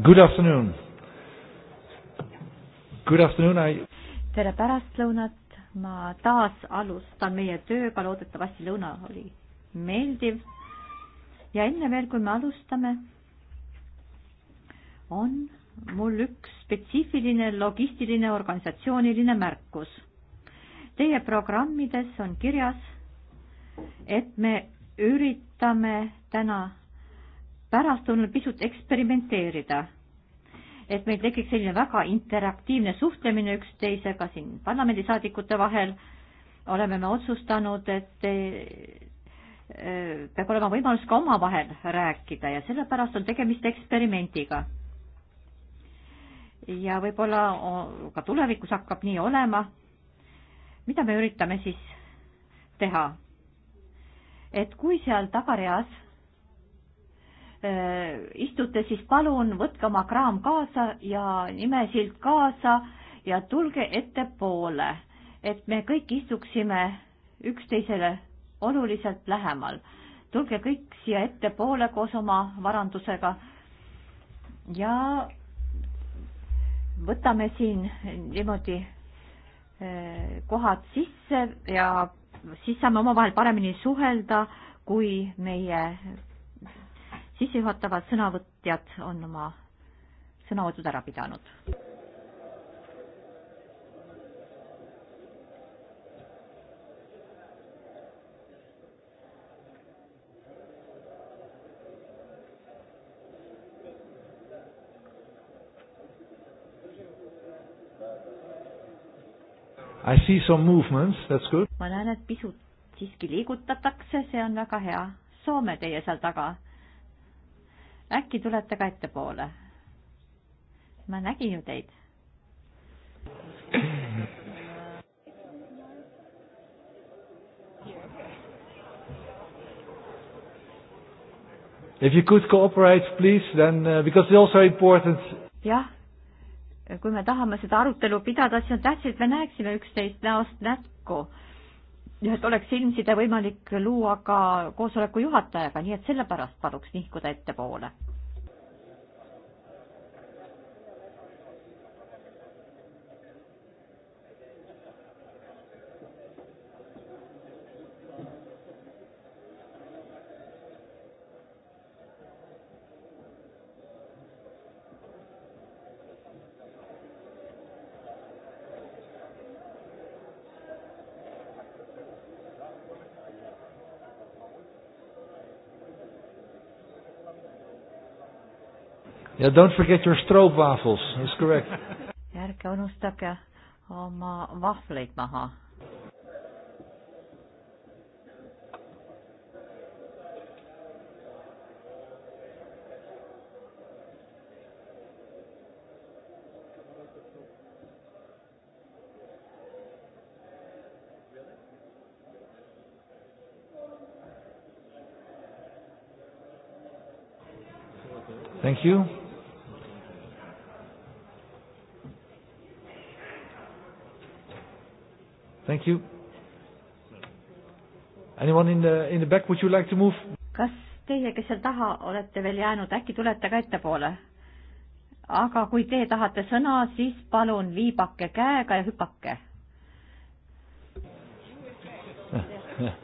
Good afternoon. Good afternoon, I. tere pärastlõunat, ma taas alustan meie tööga, loodetavasti lõuna oli meeldiv. ja enne veel, kui me alustame, on mul üks spetsiifiline logistiline organisatsiooniline märkus. Teie programmides on kirjas, et me üritame täna pärastlõunal pisut eksperimenteerida et meil tekiks selline väga interaktiivne suhtlemine üksteisega siin parlamendisaadikute vahel, oleme me otsustanud, et e, peab olema võimalus ka omavahel rääkida ja sellepärast on tegemist eksperimendiga. ja võib-olla ka tulevikus hakkab nii olema. mida me üritame siis teha? et kui seal tagareas Äh, istute, siis palun võtke oma kraam kaasa ja nimesilt kaasa ja tulge ettepoole, et me kõik istuksime üksteisele oluliselt lähemal. tulge kõik siia ettepoole koos oma varandusega ja võtame siin niimoodi äh, kohad sisse ja siis saame omavahel paremini suhelda, kui meie sissejuhatavad sõnavõtjad on oma sõnavõtud ära pidanud. I see some movements, that's good. ma näen, et pisut siiski liigutatakse, see on väga hea. Soome teie seal taga äkki tulete ka ettepoole? ma nägin ju teid. If you could cooperate please then uh, because it's also important. jah, kui me tahame seda arutelu pidada, siis on tähtis, et me näeksime üksteist näost näkku ja et oleks silmside võimalik luua ka koosoleku juhatajaga, nii et sellepärast paluks nihkuda ettepoole Yeah, don't forget your stroopwafels. That's correct. ärge unustage oma vahvleid maha. Thank you. you. Anyone in the, in the back, would you like to move? kas teie, kes seal taha olete veel jäänud, äkki tulete ka ettepoole? aga kui te tahate sõna, siis palun viibake käega ja hüpake.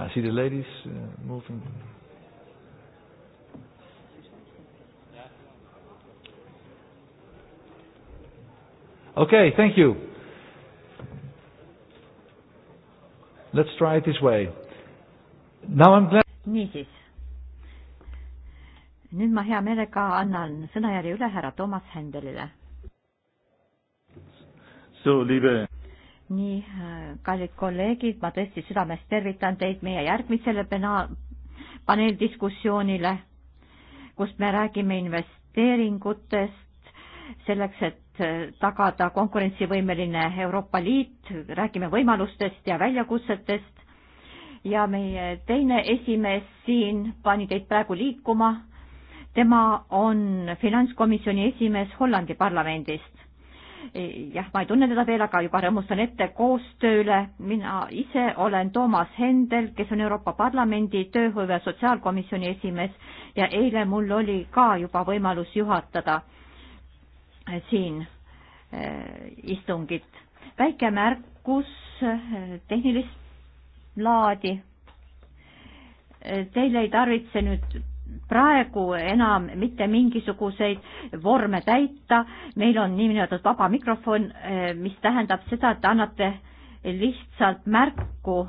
I see the ladies uh, moving. Okay, thank you. Let's try it this way. Now I'm glad. niisiis. nüüd ma hea meelega annan sõnajärje üle härra Toomas Händelile. nii, äh, kallid kolleegid, ma tõesti südamest tervitan teid meie järgmisele paneeldiskussioonile, kus me räägime investeeringutest selleks, et Eh, tagada konkurentsivõimeline Euroopa Liit, räägime võimalustest ja väljakutsetest ja meie teine esimees siin pani teid praegu liikuma. tema on finantskomisjoni esimees Hollandi parlamendist. jah, ma ei tunne teda veel, aga juba rõõmustan ette koostööle. mina ise olen Toomas Hendel, kes on Euroopa Parlamendi tööhõive sotsiaalkomisjoni esimees ja eile mul oli ka juba võimalus juhatada siin eh, istungit. väike märkus eh, tehnilist laadi. Eh, teil ei tarvitse nüüd praegu enam mitte mingisuguseid vorme täita, meil on niinimetatud vaba mikrofon, mis tähendab seda, et te annate lihtsalt märku,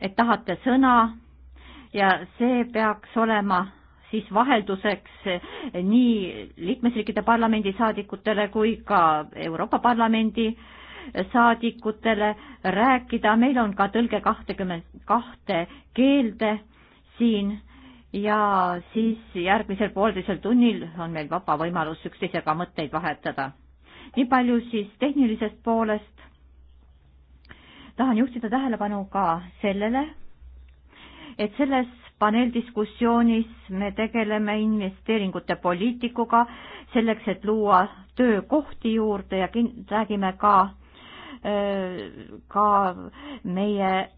et tahate sõna ja see peaks olema siis vahelduseks nii liikmesriikide parlamendi saadikutele kui ka Euroopa Parlamendi saadikutele rääkida, meil on ka tõlge kahtekümmend kahte keelde siin ja siis järgmisel poolteisel tunnil on meil vaba võimalus üksteisega mõtteid vahetada. nii palju siis tehnilisest poolest. tahan juhtida tähelepanu ka sellele, et selles paneeldiskussioonis me tegeleme investeeringute poliitikuga selleks, et luua töökohti juurde ja räägime ka, ka meie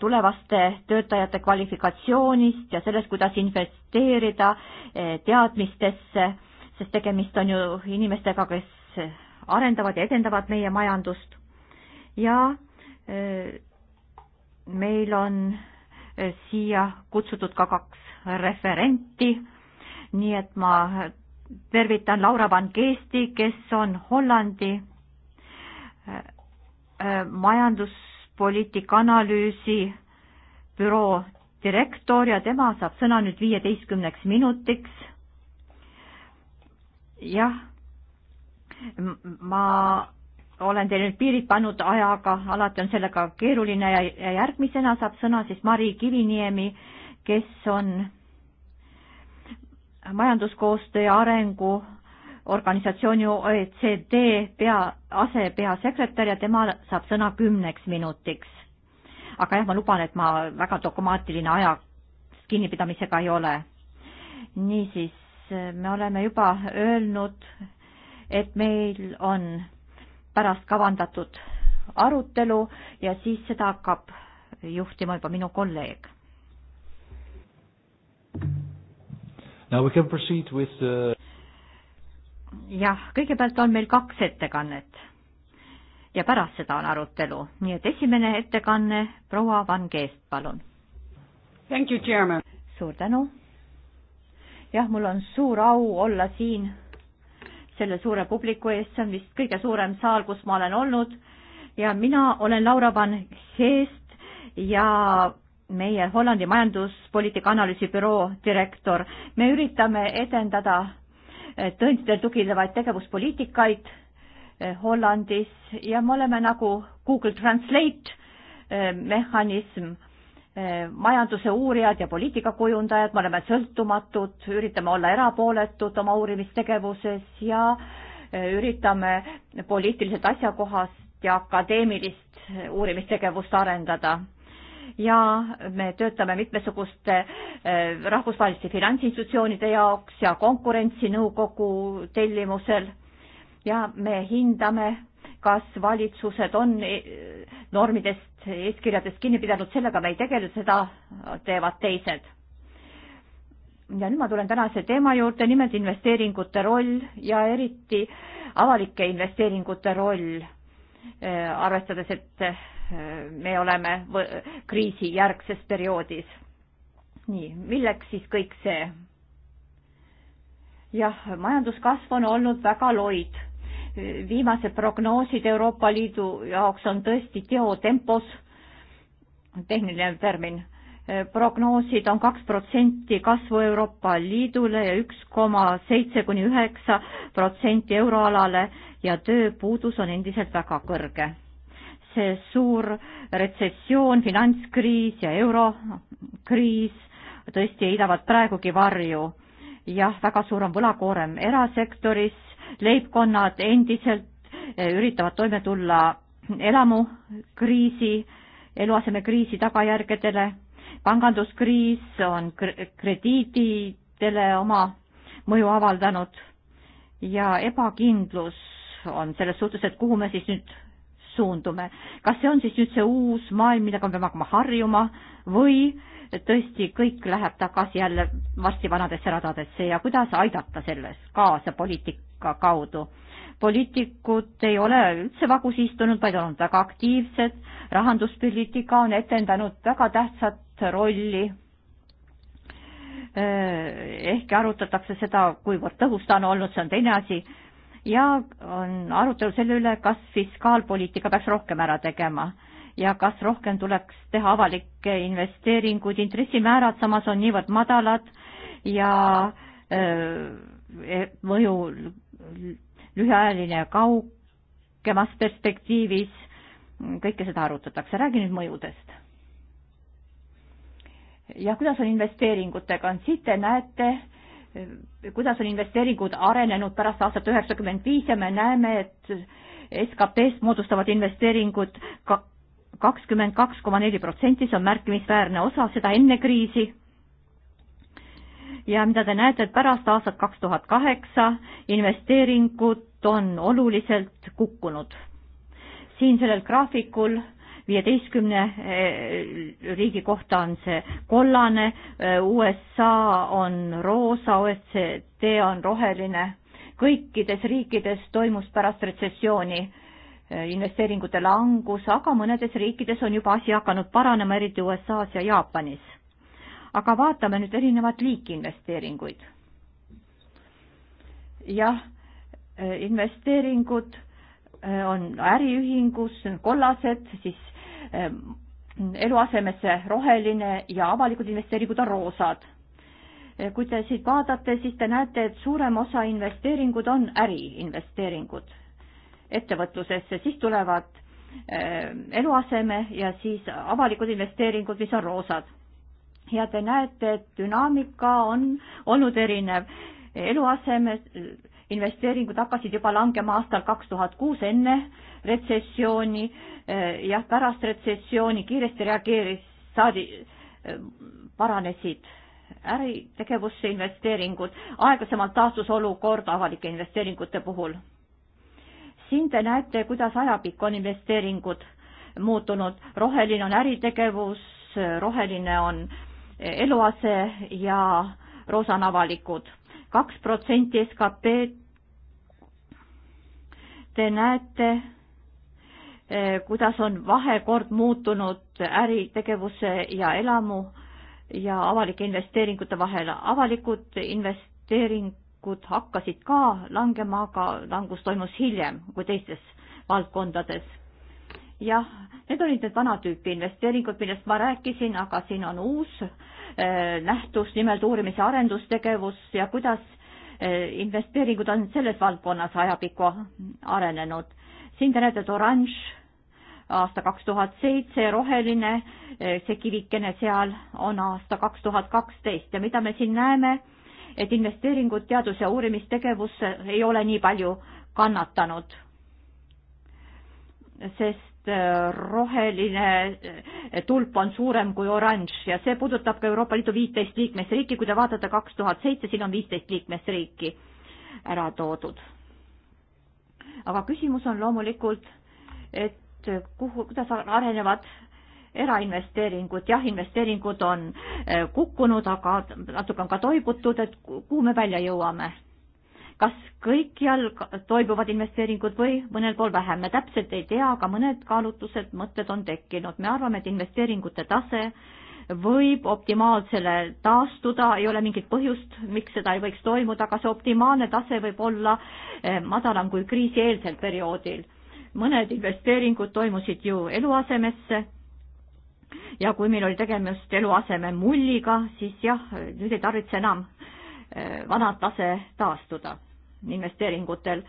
tulevaste töötajate kvalifikatsioonist ja sellest, kuidas investeerida e, teadmistesse, sest tegemist on ju inimestega, kes arendavad ja edendavad meie majandust ja meil on eh, siia kutsutud ka kaks referenti, nii et ma tervitan Laura van Geesti, kes on Hollandi eh, eh, majanduspoliitika analüüsi büroo direktor ja tema saab sõna nüüd viieteistkümneks minutiks. jah, ma olen teil nüüd piirid pannud ajaga, alati on sellega keeruline ja, ja järgmisena saab sõna siis Mari Kiviniemi, kes on majanduskoostöö ja arengu organisatsiooni OECD pea, asepeasekretär ja tema saab sõna kümneks minutiks. aga jah, ma luban, et ma väga dogmaatiline aja kinnipidamisega ei ole. niisiis, me oleme juba öelnud, et meil on pärast kavandatud arutelu ja siis seda hakkab juhtima juba minu kolleeg. The... jah, kõigepealt on meil kaks ettekannet ja pärast seda on arutelu, nii et esimene ettekanne proua Van Geest, palun. suur tänu. jah, mul on suur au olla siin selle suure publiku ees, see on vist kõige suurem saal, kus ma olen olnud ja mina olen Laura Van Heest ja meie Hollandi majanduspoliitika analüüsibüroo direktor. me üritame edendada eh, tõenditele tuginevaid tegevuspoliitikaid eh, Hollandis ja me oleme nagu Google Translate eh, mehhanism majanduse uurijad ja poliitikakujundajad, me oleme sõltumatud, üritame olla erapooletud oma uurimistegevuses ja äh, üritame poliitiliselt asjakohast ja akadeemilist uurimistegevust arendada. ja me töötame mitmesuguste äh, rahvusvaheliste finantsinstitutsioonide jaoks ja konkurentsinõukogu tellimusel ja me hindame kas valitsused on e, normidest, eeskirjadest kinni pidanud, sellega me ei tegele, seda teevad teised. ja nüüd ma tulen tänase teema juurde, nimelt investeeringute roll ja eriti avalike investeeringute roll, e, arvestades, et e, me oleme kriisijärgses perioodis. nii, milleks siis kõik see? jah, majanduskasv on olnud väga loid viimased prognoosid Euroopa Liidu jaoks on tõesti teotempos, tehniline termin, prognoosid on kaks protsenti kasvu Euroopa Liidule ja üks koma seitse kuni üheksa protsenti euroalale ja tööpuudus on endiselt väga kõrge. see suur retsessioon, finantskriis ja eurokriis tõesti heidavad praegugi varju. jah, väga suur on võlakoorem erasektoris leibkonnad endiselt eh, üritavad toime tulla elamukriisi, eluasemekriisi tagajärgedele, panganduskriis on krediididele oma mõju avaldanud ja ebakindlus on selles suhtes, et kuhu me siis nüüd suundume. kas see on siis nüüd see uus maailm, millega me peame hakkama harjuma või tõesti kõik läheb tagasi jälle varsti vanadesse radadesse ja kuidas aidata selles kaasa poliitika kaudu. poliitikud ei ole üldse vagus istunud, vaid olnud väga aktiivsed, rahanduspoliitika on etendanud väga tähtsat rolli. Äh, ehkki arutatakse seda, kuivõrd tõhus ta on olnud, see on teine asi, ja on arutelu selle üle, kas fiskaalpoliitika peaks rohkem ära tegema ja kas rohkem tuleks teha avalikke investeeringuid, intressimäärad samas on niivõrd madalad ja e, mõju lühiajaline kaugemas perspektiivis, kõike seda arutatakse, räägi nüüd mõjudest. ja kuidas on investeeringutega, siit te näete, e, kuidas on investeeringud arenenud pärast aastat üheksakümmend viis ja me näeme, et SKP-st moodustavad investeeringud ka kakskümmend kaks koma neli protsenti, see on märkimisväärne osa, seda enne kriisi. ja mida te näete, et pärast aastat kaks tuhat kaheksa investeeringud on oluliselt kukkunud. siin sellel graafikul viieteistkümne eh, riigi kohta on see kollane, eh, USA on roosa, OECD on roheline. kõikides riikides toimus pärast retsessiooni Äh, investeeringute langus, aga mõnedes riikides on juba asi hakanud paranema, eriti USA-s ja Jaapanis. aga vaatame nüüd erinevat liiki investeeringuid. jah, äh, investeeringud äh, on äriühingus, kollased, siis ähm, eluasemesse roheline ja avalikud investeeringud on roosad. kui te siit vaatate, siis te näete, et suurem osa investeeringud on äriinvesteeringud ettevõtlusesse, siis tulevad eh, eluaseme ja siis avalikud investeeringud, mis on roosad. ja te näete, et dünaamika on olnud erinev. eluaseme eh, investeeringud hakkasid juba langema aastal kaks tuhat kuus, enne retsessiooni, eh, jah, pärast retsessiooni kiiresti reageeris, saadi, paranesid äritegevusse investeeringud, aeglasemalt taastus olukord avalike investeeringute puhul siin te näete, kuidas ajapikku on investeeringud muutunud, roheline on äritegevus, roheline on eluase ja roosa on avalikud. kaks protsenti SKP-d. Te näete, eh, kuidas on vahekord muutunud äritegevuse ja elamu ja avalike investeeringute vahel. avalikud investeeringud valikud hakkasid ka langema, aga langus toimus hiljem kui teistes valdkondades. jah, need olid need vana tüüpi investeeringud, millest ma rääkisin, aga siin on uus eh, nähtus, nimelt uurimis- ja arendustegevus ja kuidas eh, investeeringud on selles valdkonnas ajapikku arenenud. siin te näete, et oranž aasta kaks tuhat seitse, roheline, eh, see kivikene seal on aasta kaks tuhat kaksteist ja mida me siin näeme et investeeringud teadus- ja uurimistegevusse ei ole nii palju kannatanud, sest äh, roheline äh, tulp on suurem kui oranž ja see puudutab ka Euroopa Liidu viiteist liikmesriiki, kui te vaatate kaks tuhat seitse, siin on viisteist liikmesriiki ära toodud. aga küsimus on loomulikult, et kuhu, kuidas arenevad erainvesteeringud, jah, investeeringud on eh, kukkunud, aga natuke on ka toibutud, et kuhu me välja jõuame. kas kõikjal toibuvad investeeringud või mõnel pool vähem, me täpselt ei tea, aga mõned kaalutlused, mõtted on tekkinud, me arvame, et investeeringute tase võib optimaalsele taastuda, ei ole mingit põhjust, miks seda ei võiks toimuda, aga see optimaalne tase võib olla eh, madalam kui kriisieelsel perioodil. mõned investeeringud toimusid ju eluasemesse ja kui meil oli tegemist eluaseme mulliga, siis jah, nüüd ei tarvitse enam eh, vana tase taastuda investeeringutel.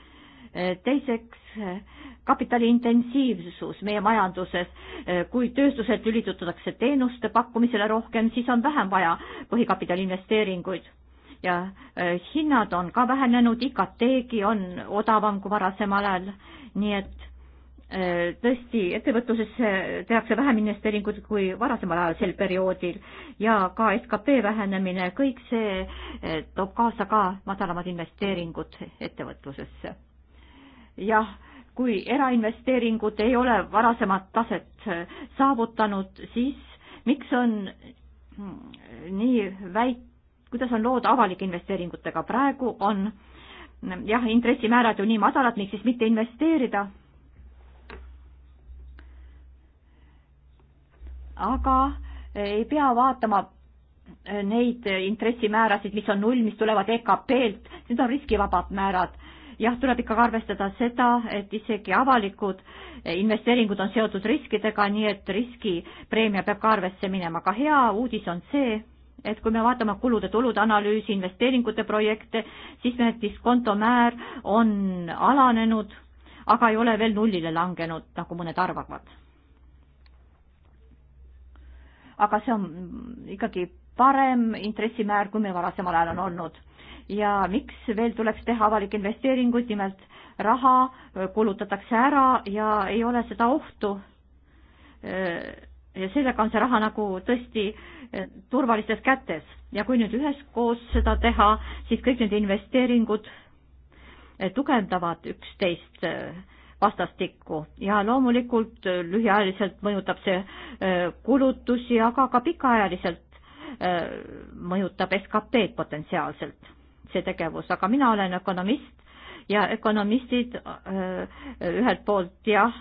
Eh, teiseks, eh, kapitali intensiivsus meie majanduses. kui tööstuselt lülitatakse teenuste pakkumisele rohkem, siis on vähem vaja põhikapitali investeeringuid ja hinnad on ka vähenenud, IKT-gi on odavam kui varasemal ajal, nii et Äh, tõesti, ettevõtlusesse tehakse vähem investeeringuid kui varasemal ajal sel perioodil ja ka skp vähenemine, kõik see äh, toob kaasa ka madalamad investeeringud ettevõtlusesse. jah, kui erainvesteeringud ei ole varasemat taset äh, saavutanud, siis miks on mm, nii väik-, kuidas on lood avalike investeeringutega, praegu on mm, jah, intressimäärad ju nii madalad, miks siis mitte investeerida aga eh, ei pea vaatama eh, neid eh, intressimäärasid, mis on null, mis tulevad EKP-lt, need on riskivabad määrad. jah, tuleb ikkagi arvestada seda, et isegi avalikud investeeringud on seotud riskidega, nii et riskipreemia peab ka arvesse minema, aga hea uudis on see, et kui me vaatame kulude-tulude analüüsi, investeeringute projekte, siis meie diskontomäär on alanenud, aga ei ole veel nullile langenud, nagu mõned arvavad aga see on ikkagi parem intressimäär, kui meil varasemal ajal on olnud. ja miks veel tuleks teha avalikke investeeringuid, nimelt raha kulutatakse ära ja ei ole seda ohtu. ja sellega on see raha nagu tõesti turvalistes kätes ja kui nüüd üheskoos seda teha, siis kõik need investeeringud tugevdavad üksteist vastastikku ja loomulikult äh, lühiajaliselt mõjutab see äh, kulutusi, aga ka pikaajaliselt äh, mõjutab SKP-d potentsiaalselt see tegevus, aga mina olen ökonomist ja ökonomistid ühelt poolt jah,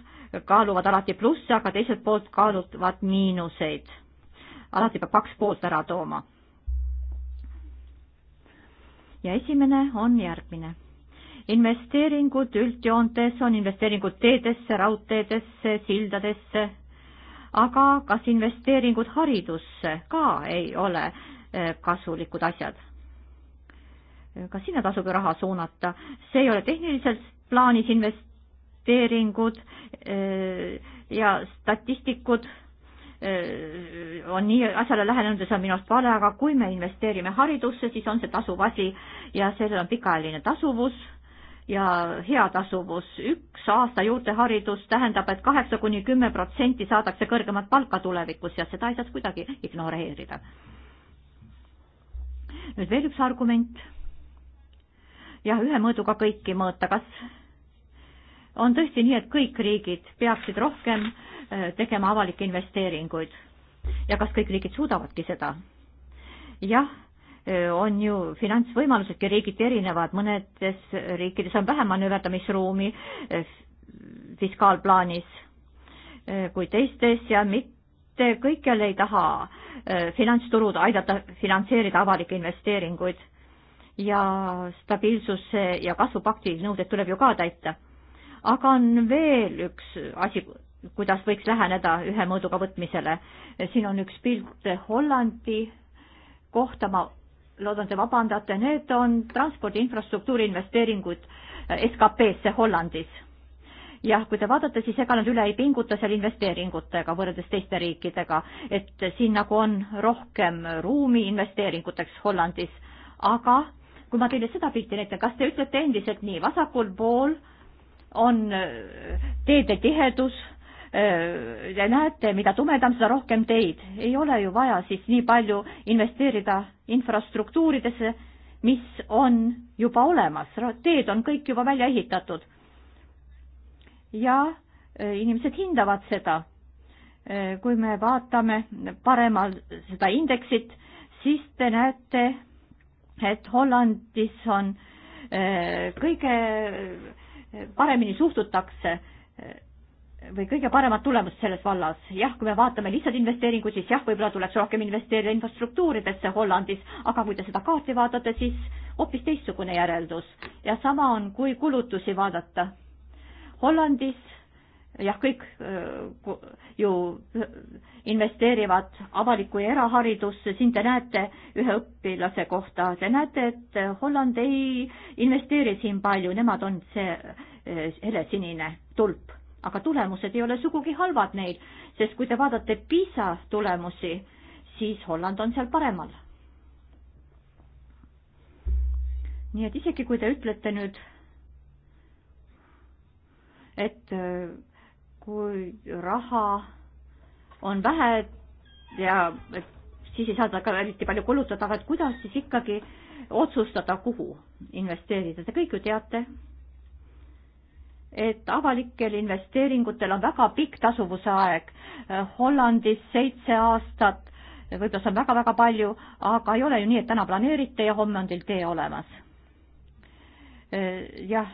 kaaluvad alati plusse, aga teiselt poolt kaaluvad miinuseid. alati peab kaks poolt ära tooma. ja esimene on järgmine investeeringud üldjoontes on investeeringud teedesse, raudteedesse, sildadesse, aga kas investeeringud haridusse ka ei ole eh, kasulikud asjad? ka sinna tasub ju raha suunata, see ei ole tehniliselt plaanis investeeringud eh, ja statistikud eh, on nii asjale lähenenud ja see on minu arust vale, aga kui me investeerime haridusse, siis on see tasuv asi ja sellel on pikaajaline tasuvus ja heatasuvus. üks aasta juurdeharidus tähendab et, et kaheksa kuni kümme protsenti saadakse kõrgemat palka tulevikus ja seda ei saaks kuidagi ignoreerida. nüüd veel üks argument. jah, ühe mõõduga kõiki mõõta, kas on tõesti nii, et kõik riigid peaksid rohkem äh, tegema avalikke investeeringuid ja kas kõik riigid suudavadki seda? jah on ju finantsvõimalusedki riigiti erinevad, mõnedes riikides on vähem manööverdamisruumi fiskaalplaanis kui teistes ja mitte kõikjal ei taha finantsturud aidata finantseerida avalikke investeeringuid. ja stabiilsuse ja kasvupakti nõuded tuleb ju ka täita. aga on veel üks asi, kuidas võiks läheneda ühe mõõduga võtmisele. siin on üks pilt Hollandi kohta, ma loodan, te vabandate, need on transpordi infrastruktuuri investeeringud eh, SKP-sse Hollandis. jah, kui te vaatate, siis ega nad üle ei pinguta seal investeeringutega võrreldes teiste riikidega, et siin nagu on rohkem ruumi investeeringuteks Hollandis, aga kui ma teile seda pilti näitan, kas te ütlete endiselt nii, vasakul pool on eh, teede tihedus Äh, ja näete, mida tumedam, seda rohkem teid. ei ole ju vaja siis nii palju investeerida infrastruktuuridesse, mis on juba olemas, teed on kõik juba välja ehitatud. ja äh, inimesed hindavad seda. Äh, kui me vaatame paremal seda indeksit, siis te näete, et Hollandis on kõige paremini suhtutakse või kõige paremat tulemust selles vallas. jah, kui me vaatame lihtsalt investeeringuid, siis jah, võib-olla tuleks rohkem investeerida infrastruktuuridesse Hollandis, aga kui te seda kaarti vaatate, siis hoopis teistsugune järeldus. ja sama on, kui kulutusi vaadata. Hollandis jah, kõik äh, ju äh, investeerivad avalikku ja eraharidusse, siin te näete ühe õpilase kohta, te näete, et Holland ei investeeri siin palju, nemad on see äh, helesinine tulp aga tulemused ei ole sugugi halvad neil, sest kui te vaatate PISA tulemusi, siis Holland on seal paremal. nii et isegi, kui te ütlete nüüd, et äh, kui raha on vähe ja siis ei saada ka eriti palju kulutada, aga et kuidas siis ikkagi otsustada, kuhu investeerida, te kõik ju teate et avalikel investeeringutel on väga pikk tasuvuse aeg. Hollandis seitse aastat, võib-olla see on väga-väga palju, aga ei ole ju nii, et täna planeerite ja homme on teil tee olemas. jah,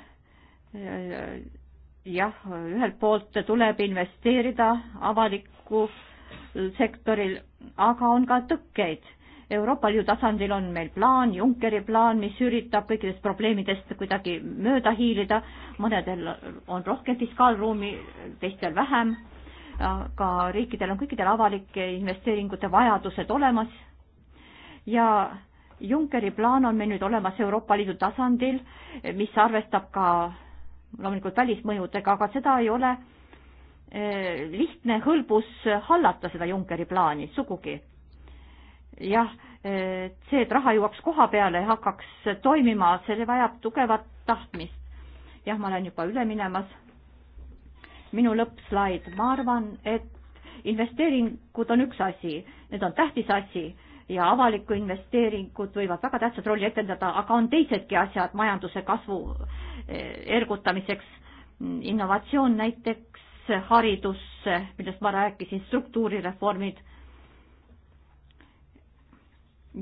jah, ühelt poolt tuleb investeerida avalikku sektoril, aga on ka tõkkeid Euroopa Liidu tasandil on meil plaan, Junckeri plaan, mis üritab kõikidest probleemidest kuidagi mööda hiilida, mõnedel on rohkem fiskaalruumi, teistel vähem, aga riikidel on kõikidel avalike investeeringute vajadused olemas ja Junckeri plaan on meil nüüd olemas Euroopa Liidu tasandil, mis arvestab ka loomulikult välismõjudega, aga seda ei ole eh, lihtne hõlbus hallata, seda Junckeri plaani, sugugi jah, see, et raha jõuaks koha peale ja hakkaks toimima, see vajab tugevat tahtmist. jah, ma olen juba üle minemas. minu lõppslaid, ma arvan, et investeeringud on üks asi, need on tähtis asi ja avalikku investeeringud võivad väga tähtsat rolli etendada, aga on teisedki asjad majanduse kasvu eh, ergutamiseks. innovatsioon näiteks, haridus, millest ma rääkisin, struktuurireformid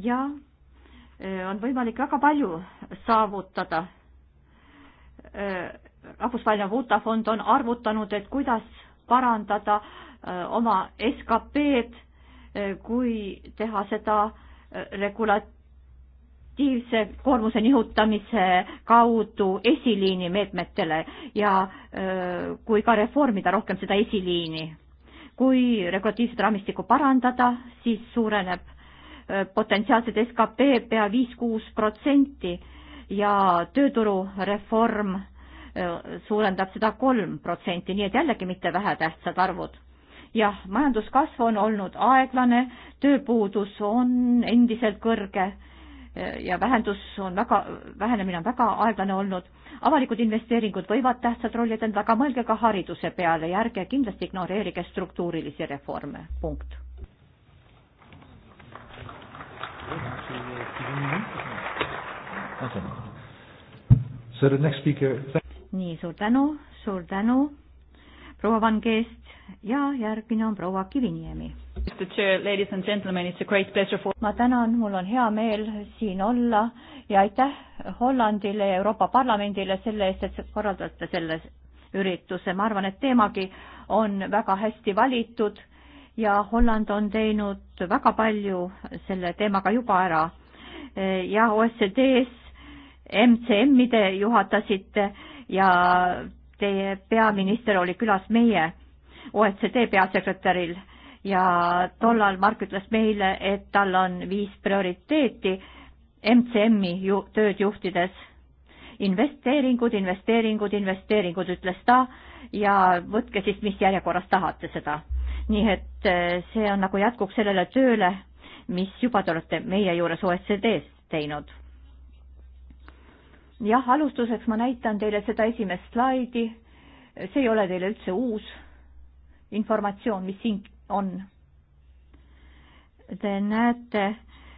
ja eh, on võimalik väga palju saavutada. Eh, rahvusvaheline valuutafond on arvutanud, et kuidas parandada eh, oma SKP-d, kui teha seda regulatiivse koormuse nihutamise kaudu esiliini meetmetele ja kui ka reformida rohkem seda esiliini. kui regulatiivset raamistikku parandada, siis suureneb Äh, potentsiaalset skp pea viis-kuus protsenti ja tööturureform äh, suurendab seda kolm protsenti, nii et jällegi mitte vähetähtsad arvud. jah, majanduskasv on olnud aeglane, tööpuudus on endiselt kõrge äh, ja vähendus on väga, vähenemine on väga aeglane olnud. avalikud investeeringud võivad tähtsat rolli etendada, aga mõelge ka hariduse peale ja ärge kindlasti ignoreerige struktuurilisi reforme, punkt nii, suur tänu, suur tänu, proua Van Geest ja järgmine on proua Kiviniemi. For... ma tänan, mul on hea meel siin olla ja aitäh Hollandile ja Euroopa Parlamendile selle eest, et korraldate selle ürituse, ma arvan, et teemagi on väga hästi valitud ja Holland on teinud väga palju selle teemaga juba ära. ja OSCD-s MCM-ide juhatasite ja teie peaminister oli külas meie OECD peasekretäril ja tollal Mark ütles meile, et tal on viis prioriteeti MCM-i ju tööd juhtides. investeeringud, investeeringud, investeeringud, ütles ta ja võtke siis, mis järjekorras tahate seda nii et eh, see on nagu jätkuks sellele tööle, mis juba te olete meie juures OECD-s teinud. jah, alustuseks ma näitan teile seda esimest slaidi, see ei ole teile üldse uus informatsioon, mis siin on. Te näete,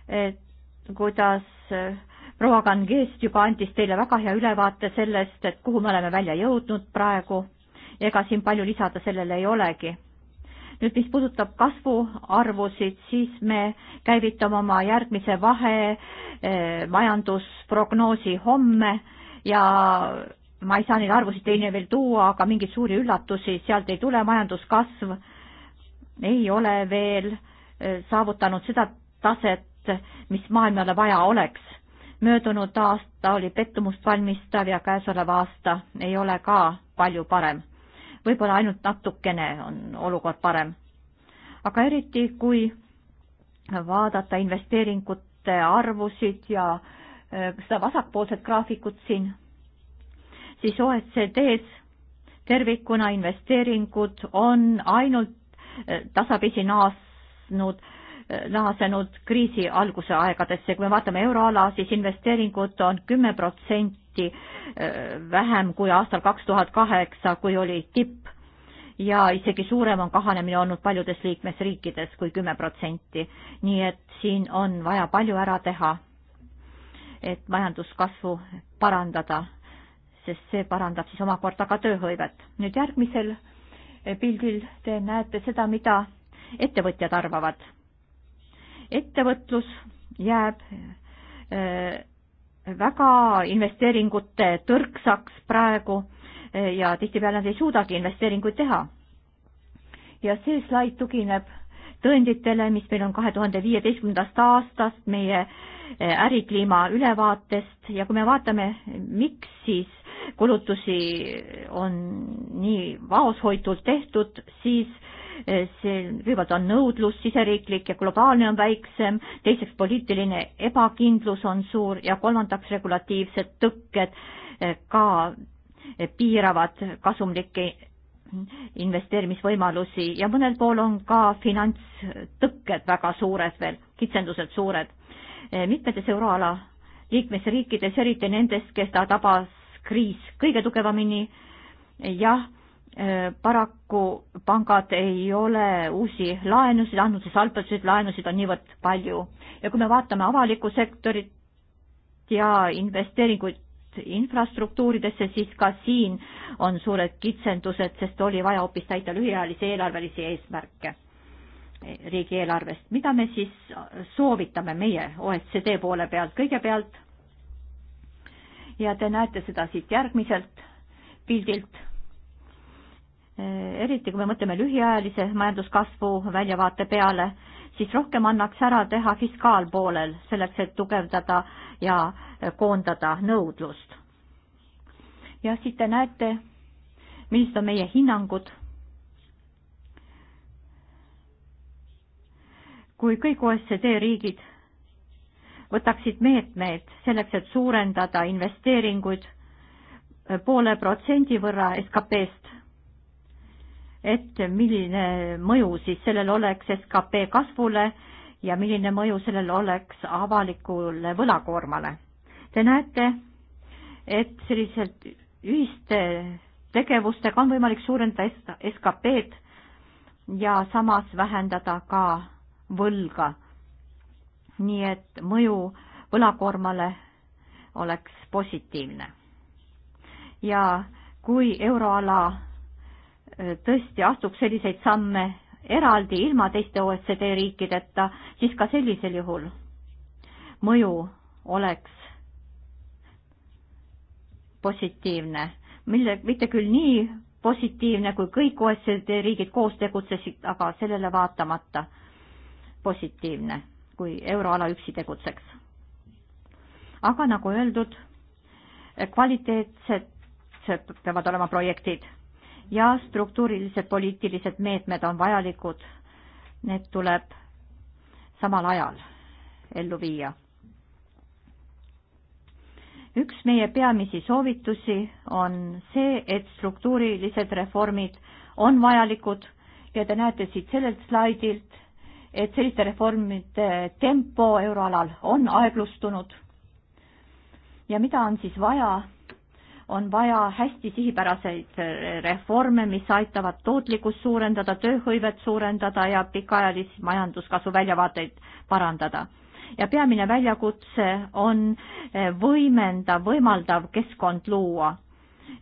et kuidas eh, proua Kangest juba andis teile väga hea ülevaate sellest, et kuhu me oleme välja jõudnud praegu. ega siin palju lisada sellele ei olegi nüüd, mis puudutab kasvuarvusid, siis me käivitame oma järgmise vahe eh, majandusprognoosi homme ja ma ei saa neid arvusid teine veel tuua, aga mingeid suuri üllatusi sealt ei tule, majanduskasv ei ole veel eh, saavutanud seda taset, mis maailmale vaja oleks. möödunud aasta oli pettumust valmistav ja käesolev aasta ei ole ka palju parem võib-olla ainult natukene on olukord parem. aga eriti, kui vaadata investeeringute arvusid ja äh, seda vasakpoolset graafikut siin, siis OECD-s tervikuna investeeringud on ainult äh, tasapisi naasnud naasnud kriisi alguse aegadesse, kui me vaatame euroala, siis investeeringud on kümme protsenti äh, vähem kui aastal kaks tuhat kaheksa, kui oli tipp ja isegi suurem on kahanemine olnud paljudes liikmesriikides kui kümme protsenti. nii et siin on vaja palju ära teha, et majanduskasvu parandada, sest see parandab siis omakorda ka tööhõivet. nüüd järgmisel pildil te näete seda, mida ettevõtjad arvavad ettevõtlus jääb eh, väga investeeringute tõrksaks praegu eh, ja tihtipeale nad ei suudagi investeeringuid teha. ja see slaid tugineb tõenditele, mis meil on kahe tuhande viieteistkümnendast aastast meie eh, ärikliima ülevaatest ja kui me vaatame, miks siis kulutusi on nii vaoshoitult tehtud, siis Eh, see kõigepealt on nõudlus siseriiklik ja globaalne on väiksem, teiseks poliitiline ebakindlus on suur ja kolmandaks regulatiivsed tõkked eh, ka eh, piiravad kasumlikke investeerimisvõimalusi ja mõnel pool on ka finantstõkked väga suured veel, kitsendused suured. mitmetes euroala liikmesriikides, eriti nendes, keda tabas kriis kõige tugevamini, jah, Äh, paraku pangad ei ole uusi laenusid andnud, sest halbasid laenusid on niivõrd palju. ja kui me vaatame avalikku sektorit ja investeeringuid infrastruktuuridesse, siis ka siin on suured kitsendused, sest oli vaja hoopis täita lühiajalisi eelarvelisi eesmärke riigieelarvest. mida me siis soovitame meie OECD poole pealt kõigepealt? ja te näete seda siit järgmiselt pildilt Eh, eriti kui me mõtleme lühiajalise majanduskasvu väljavaate peale, siis rohkem annaks ära teha fiskaalpoolel, selleks et tugevdada ja eh, koondada nõudlust. ja siit te näete, millised on meie hinnangud. kui kõik OECD riigid võtaksid meetmeid selleks, et suurendada investeeringuid eh, poole protsendi võrra SKP-st et milline mõju siis sellel oleks skp kasvule ja milline mõju sellel oleks avalikule võlakoormale. Te näete, et selliselt ühiste tegevustega on võimalik suurendada skp-d ja samas vähendada ka võlga. nii et mõju võlakoormale oleks positiivne. ja kui euroala tõesti astuks selliseid samme eraldi ilma teiste OECD riikideta, siis ka sellisel juhul mõju oleks positiivne, mille, mitte küll nii positiivne, kui kõik OECD riigid koos tegutsesid, aga sellele vaatamata positiivne, kui euroala üksi tegutseks. aga nagu öeldud, kvaliteetsed peavad olema projektid ja struktuurilised poliitilised meetmed on vajalikud, need tuleb samal ajal ellu viia. üks meie peamisi soovitusi on see, et struktuurilised reformid on vajalikud ja te näete siit sellelt slaidilt, et selliste reformide tempo euroalal on aeglustunud. ja mida on siis vaja on vaja hästi sihipäraseid reforme, mis aitavad tootlikkust suurendada, tööhõivet suurendada ja pikaajalisi majanduskasvu väljavaateid parandada. ja peamine väljakutse on eh, võimendav, võimaldav keskkond luua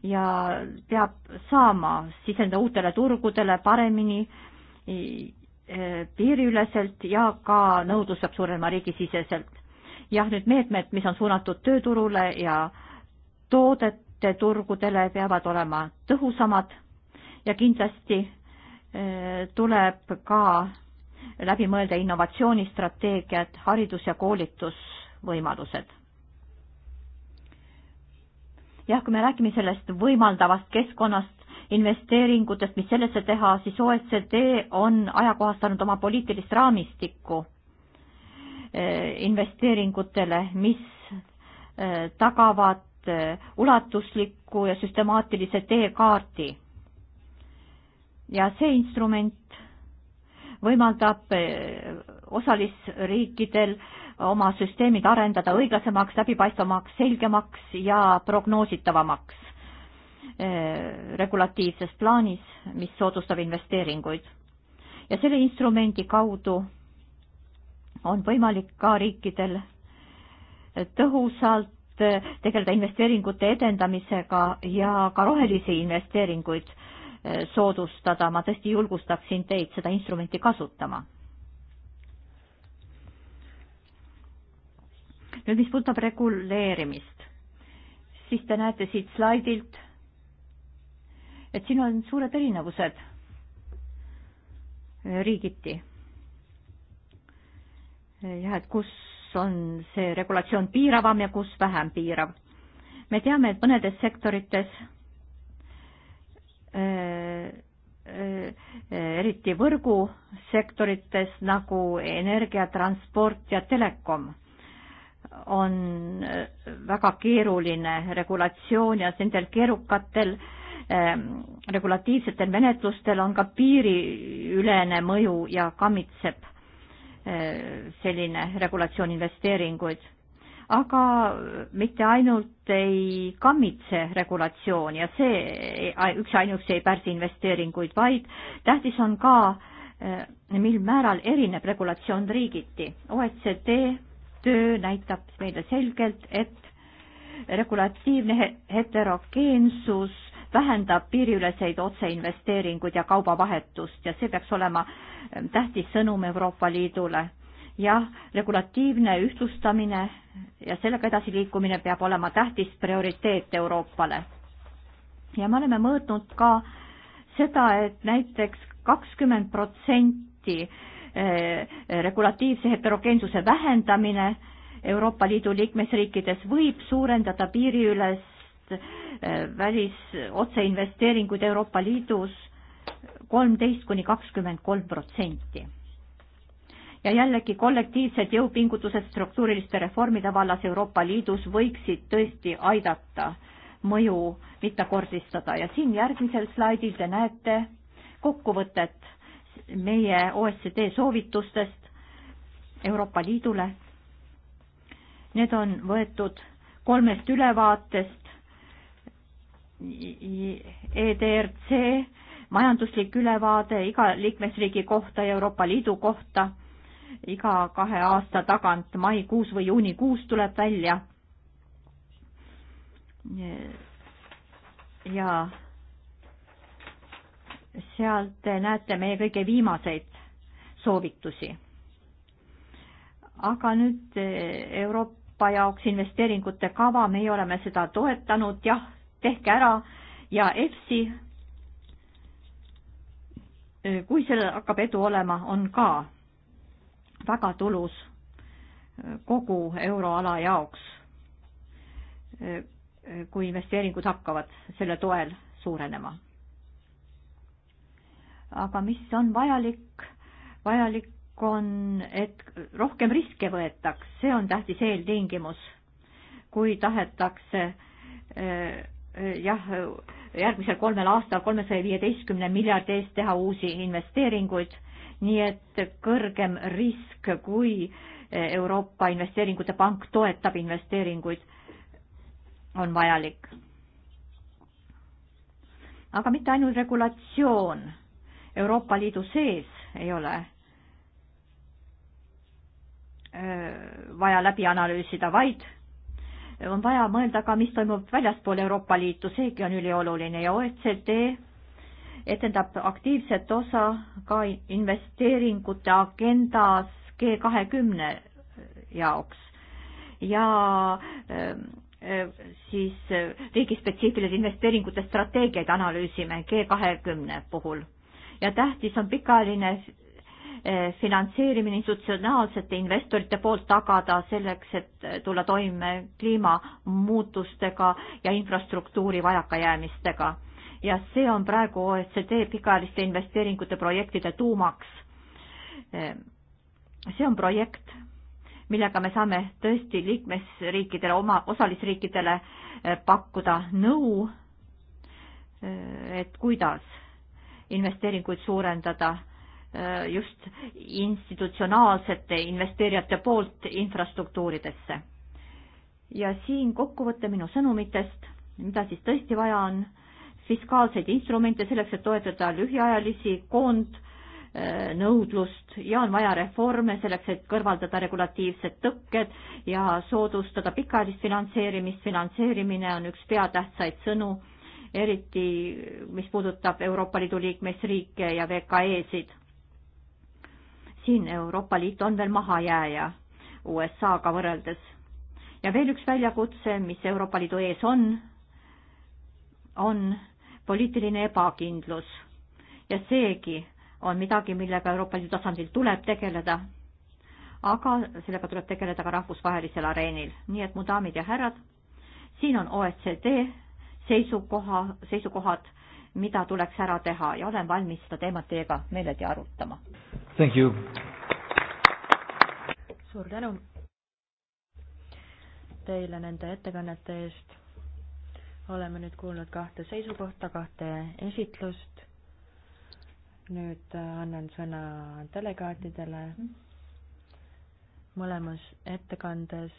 ja peab saama sisenda uutele turgudele paremini eh, piiriüleselt ja ka nõudlus peab suurenema riigisiseselt. jah, nüüd meetmed, mis on suunatud tööturule ja toodet, tooteturgudele peavad olema tõhusamad ja kindlasti eh, tuleb ka läbi mõelda innovatsioonistrateegiad, haridus- ja koolitusvõimalused. jah, kui me räägime sellest võimaldavast keskkonnast, investeeringutest, mis sellesse teha, siis OECD on ajakohastanud oma poliitilist raamistikku eh, investeeringutele, mis eh, tagavad Eh, ulatusliku ja süstemaatilise teekaardi. ja see instrument võimaldab eh, osalisriikidel oma süsteemid arendada õiglasemaks, läbipaistvamaks, selgemaks ja prognoositavamaks eh, regulatiivses plaanis, mis soodustab investeeringuid. ja selle instrumendi kaudu on võimalik ka riikidel tõhusalt Eh, tegeleda investeeringute edendamisega ja ka rohelisi investeeringuid eh, soodustada, ma tõesti julgustaksin teid seda instrumenti kasutama. nüüd, mis puudutab reguleerimist, siis te näete siit slaidilt, et siin on suured erinevused eh, riigiti. jah, et kus on see regulatsioon piiravam ja kus vähem piirav. me teame, et mõnedes sektorites äh, äh, eriti võrgusektorites nagu energia, transport ja telekom on äh, väga keeruline regulatsioon ja nendel keerukatel ähm, regulatiivsetel menetlustel on ka piiriülene mõju ja kammitseb Eh, selline regulatsioon investeeringuid. aga mitte ainult ei kammitse regulatsioon ja see üksainuüksi ei pärsi investeeringuid, vaid tähtis on ka, eh, mil määral erineb regulatsioon riigiti. OECD töö näitab meile selgelt, et regulatiivne heterogeensus vähendab piiriüleseid otseinvesteeringuid ja kaubavahetust ja see peaks olema ähm, tähtis sõnum Euroopa Liidule. jah, regulatiivne ühtlustamine ja sellega edasiliikumine peab olema tähtis prioriteet Euroopale. ja me oleme mõõtnud ka seda, et näiteks kakskümmend protsenti äh, regulatiivse heterogeensuse vähendamine Euroopa Liidu liikmesriikides võib suurendada piiriüles Eh, välis otseinvesteeringuid Euroopa Liidus kolmteist kuni kakskümmend kolm protsenti. ja jällegi kollektiivsed jõupingutused struktuuriliste reformide vallas Euroopa Liidus võiksid tõesti aidata mõju mitmekordistada ja siin järgmisel slaidil te näete kokkuvõtet meie OECD soovitustest Euroopa Liidule. Need on võetud kolmest ülevaatest EDRC majanduslik ülevaade iga liikmesriigi kohta ja Euroopa Liidu kohta iga kahe aasta tagant, maikuus või juunikuus tuleb välja. ja sealt te näete meie kõige viimaseid soovitusi. aga nüüd Euroopa jaoks investeeringute kava, meie oleme seda toetanud, jah tehke ära ja EFSI, eh, kui sellel hakkab edu olema, on ka väga tulus eh, kogu euroala jaoks, eh, kui investeeringud hakkavad selle toel suurenema. aga mis on vajalik, vajalik on, et rohkem riske võetaks, see on tähtis eeltingimus, kui tahetakse äh, jah, järgmisel kolmel aastal kolmesaja viieteistkümne miljardi eest teha uusi investeeringuid, nii et kõrgem risk, kui Euroopa Investeeringute Pank toetab investeeringuid, on vajalik. aga mitte ainult regulatsioon Euroopa Liidu sees ei ole äh, vaja läbi analüüsida, vaid on vaja mõelda ka, mis toimub väljaspool Euroopa Liitu, seegi on ülioluline ja OECD etendab aktiivset osa ka investeeringute agendas G kahekümne jaoks ja ähm, äh, siis äh, riigispetsiifilised investeeringute strateegiaid analüüsime G kahekümne puhul ja tähtis on pikaajaline Eh, finantseerimine institutsionaalsete investorite poolt tagada selleks, et eh, tulla toime kliimamuutustega ja infrastruktuuri vajakajäämistega. ja see on praegu OECD pikaajaliste investeeringute projektide tuumaks. Eh, see on projekt, millega me saame tõesti liikmesriikidele, oma osalisriikidele pakkuda nõu, et kuidas investeeringuid suurendada Äh, just institutsionaalsete investeerijate poolt infrastruktuuridesse. ja siin kokkuvõte minu sõnumitest, mida siis tõesti vaja on, fiskaalseid instrumente selleks, et toetada lühiajalisi koondnõudlust äh, ja on vaja reforme selleks, et kõrvaldada regulatiivsed tõkked ja soodustada pikaajalist finantseerimist, finantseerimine on üks peatähtsaid sõnu eriti mis puudutab Euroopa Liidu liikmesriike ja VKE-sid siin Euroopa Liit on veel mahajääja USA-ga võrreldes. ja veel üks väljakutse, mis Euroopa Liidu ees on, on poliitiline ebakindlus ja seegi on midagi, millega Euroopa Liidu tasandil tuleb tegeleda. aga sellega tuleb tegeleda ka rahvusvahelisel areenil, nii et mu daamid ja härrad, siin on OECD seisukoha, seisukohad mida tuleks ära teha ja olen valmis seda teemat teiega meeleldi arutama. suur tänu teile nende ettekannete eest. oleme nüüd kuulnud kahte seisukohta, kahte esitlust. nüüd äh, annan sõna delegaatidele. mõlemas ettekandes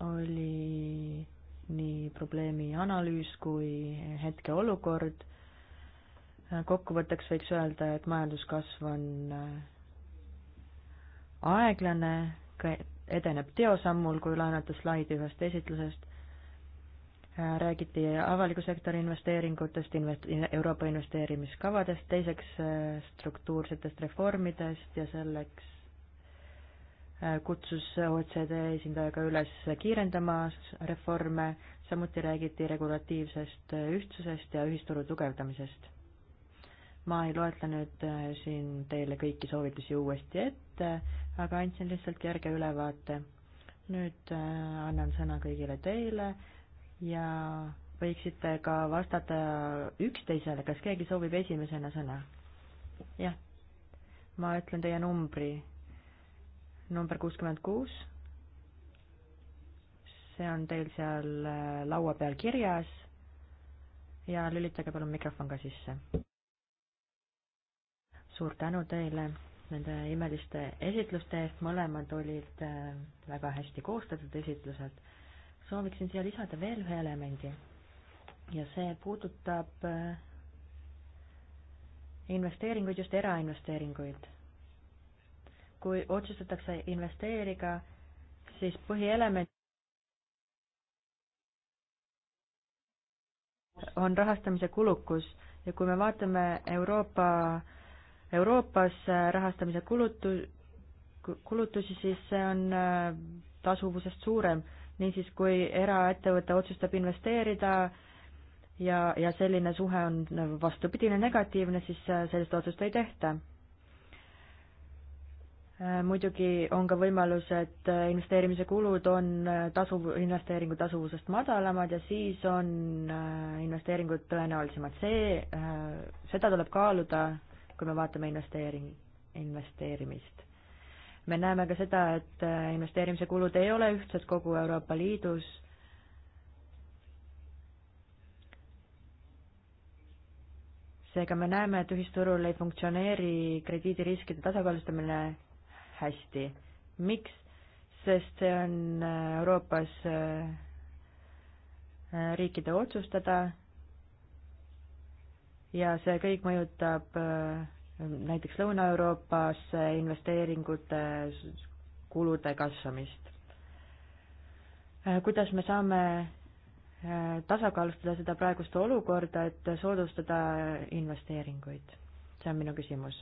oli nii probleemi analüüs kui hetkeolukord kokkuvõtteks võiks öelda, et majanduskasv on äh, aeglane, edeneb teosammul, kui laenata slaidi ühest esitlusest. Äh, räägiti avaliku sektori investeeringutest, invest-, Euroopa investeerimiskavadest, teiseks äh, struktuursetest reformidest ja selleks kutsus OECD esindajaga üles kiirendama reforme, samuti räägiti regulatiivsest ühtsusest ja ühisturu tugevdamisest ma ei loetle nüüd äh, siin teile kõiki soovitusi uuesti ette, aga andsin lihtsalt kerge ülevaate. nüüd äh, annan sõna kõigile teile ja võiksite ka vastata üksteisele, kas keegi soovib esimesena sõna? jah, ma ütlen teie numbri, number kuuskümmend kuus, see on teil seal äh, laua peal kirjas ja lülitage palun mikrofon ka sisse suur tänu teile nende imeliste esitluste eest, mõlemad olid äh, väga hästi koostatud esitlused. sooviksin siia lisada veel ühe elemendi ja see puudutab äh, investeeringuid, just erainvesteeringuid. kui otsustatakse investeerida, siis põhielement on rahastamise kulukus ja kui me vaatame Euroopa Euroopas äh, rahastamise kulutu-, kulutusi, siis see on äh, tasuvusest suurem. niisiis, kui eraettevõte otsustab investeerida ja, ja selline suhe on äh, vastupidine, negatiivne, siis sellist otsust ei tehta. muidugi on ka võimalus, et investeerimise kulud on tasu, investeeringu tasuvusest madalamad ja siis on investeeringud tõenäolisemad. see, seda tuleb kaaluda kui me vaatame investeering, investeerimist. me näeme ka seda, et äh, investeerimise kulud ei ole ühtsed kogu Euroopa Liidus seega me näeme, et ühisturul ei funktsioneeri krediidiriskide tasakaalustamine hästi. miks? sest see on äh, Euroopas äh, riikide otsustada ja see kõik mõjutab äh, näiteks Lõuna-Euroopas investeeringute kulude kasvamist. Äh, kuidas me saame äh, tasakaalustada seda praegust olukorda, et soodustada investeeringuid? see on minu küsimus.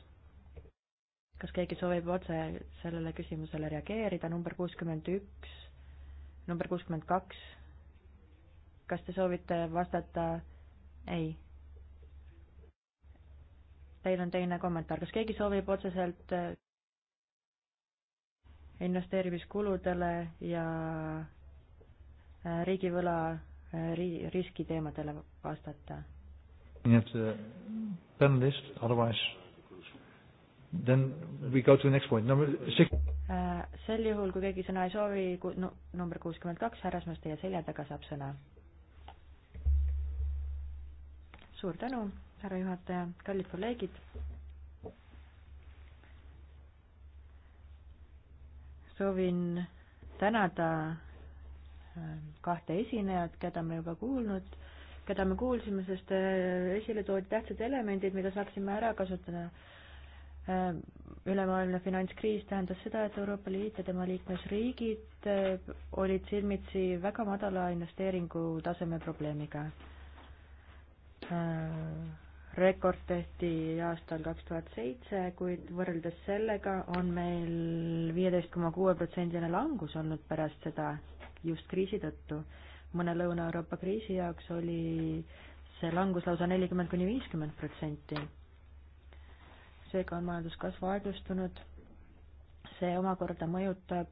kas keegi soovib otse sellele küsimusele reageerida, number kuuskümmend üks, number kuuskümmend kaks, kas te soovite vastata ei? teil on teine kommentaar, kas keegi soovib otseselt äh, investeerimiskuludele ja äh, riigivõla äh, ri-, riskiteemadele vastata? nii et panelist, otherwise then we go to the next point, number six. sel juhul, kui keegi sõna ei soovi, no number kuuskümmend kaks, härrasmees teie selja taga saab sõna. suur tänu härra juhataja, kallid kolleegid. soovin tänada äh, kahte esinejat, keda me juba kuulnud, keda me kuulsime, sest äh, esile toodi tähtsad elemendid, mida saaksime ära kasutada. Äh, ülemaailmne finantskriis tähendas seda, et Euroopa Liit ja tema liikmesriigid olid silmitsi väga madala investeeringutaseme probleemiga rekord tehti aastal kaks tuhat seitse, kuid võrreldes sellega on meil viieteist koma kuue protsendine langus olnud pärast seda just kriisi tõttu. mõne Lõuna-Euroopa kriisi jaoks oli see langus lausa nelikümmend kuni viiskümmend protsenti. seega on majanduskasv aeglustunud, see omakorda mõjutab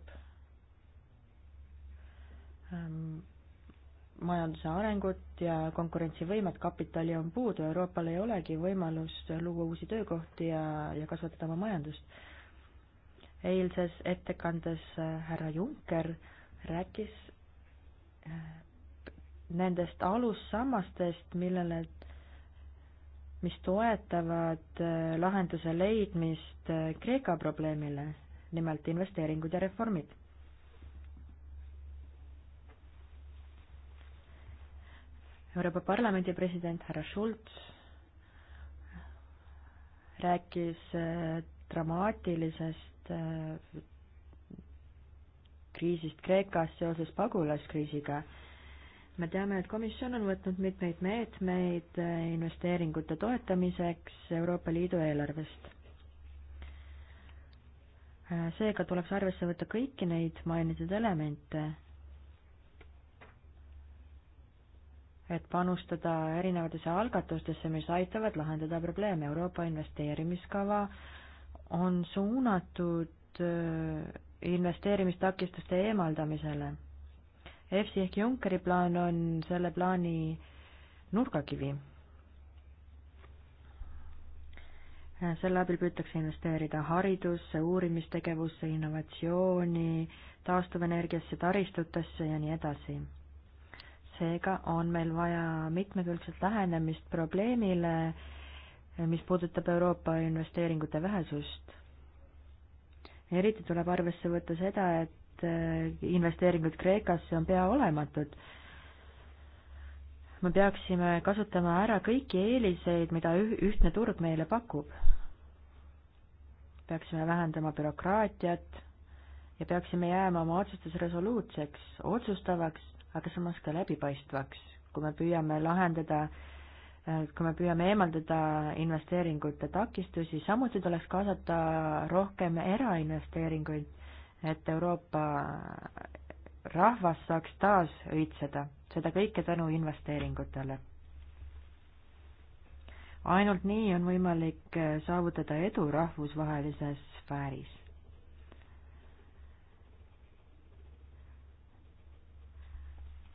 ähm, majanduse arengut ja konkurentsivõimet, kapitali on puudu, Euroopal ei olegi võimalust luua uusi töökohti ja, ja kasvatada oma majandust. eilses ettekandes äh, härra Juncker rääkis äh, nendest alussammastest, millele, mis toetavad äh, lahenduse leidmist Kreeka probleemile, nimelt investeeringud ja reformid Euroopa Parlamendi president härra Schulz rääkis äh, dramaatilisest äh, kriisist Kreekas seoses pagulaskriisiga. me teame, et komisjon on võtnud mitmeid meetmeid äh, investeeringute toetamiseks Euroopa Liidu eelarvest. seega tuleks arvesse võtta kõiki neid mainitud elemente et panustada erinevatesse algatustesse, mis aitavad lahendada probleeme. Euroopa investeerimiskava on suunatud äh, investeerimistakistuste eemaldamisele. EFSI ehk Junckeri plaan on selle plaani nurgakivi. Äh, selle abil püütakse investeerida haridusse, uurimistegevusse, innovatsiooni, taastuvenergiasse, taristutesse ja nii edasi seega on meil vaja mitmekülgset lähenemist probleemile, mis puudutab Euroopa investeeringute vähesust. eriti tuleb arvesse võtta seda, et äh, investeeringud Kreekasse on pea olematud. me peaksime kasutama ära kõiki eeliseid, mida ühtne turg meile pakub. peaksime vähendama bürokraatiat ja peaksime jääma oma otsustes resoluutseks, otsustavaks aga samas ka läbipaistvaks, kui me püüame lahendada, kui me püüame eemaldada investeeringute takistusi, samuti tuleks kaasata rohkem erainvesteeringuid, et Euroopa rahvas saaks taas õitseda, seda kõike tänu investeeringutele. ainult nii on võimalik saavutada edu rahvusvahelises sfääris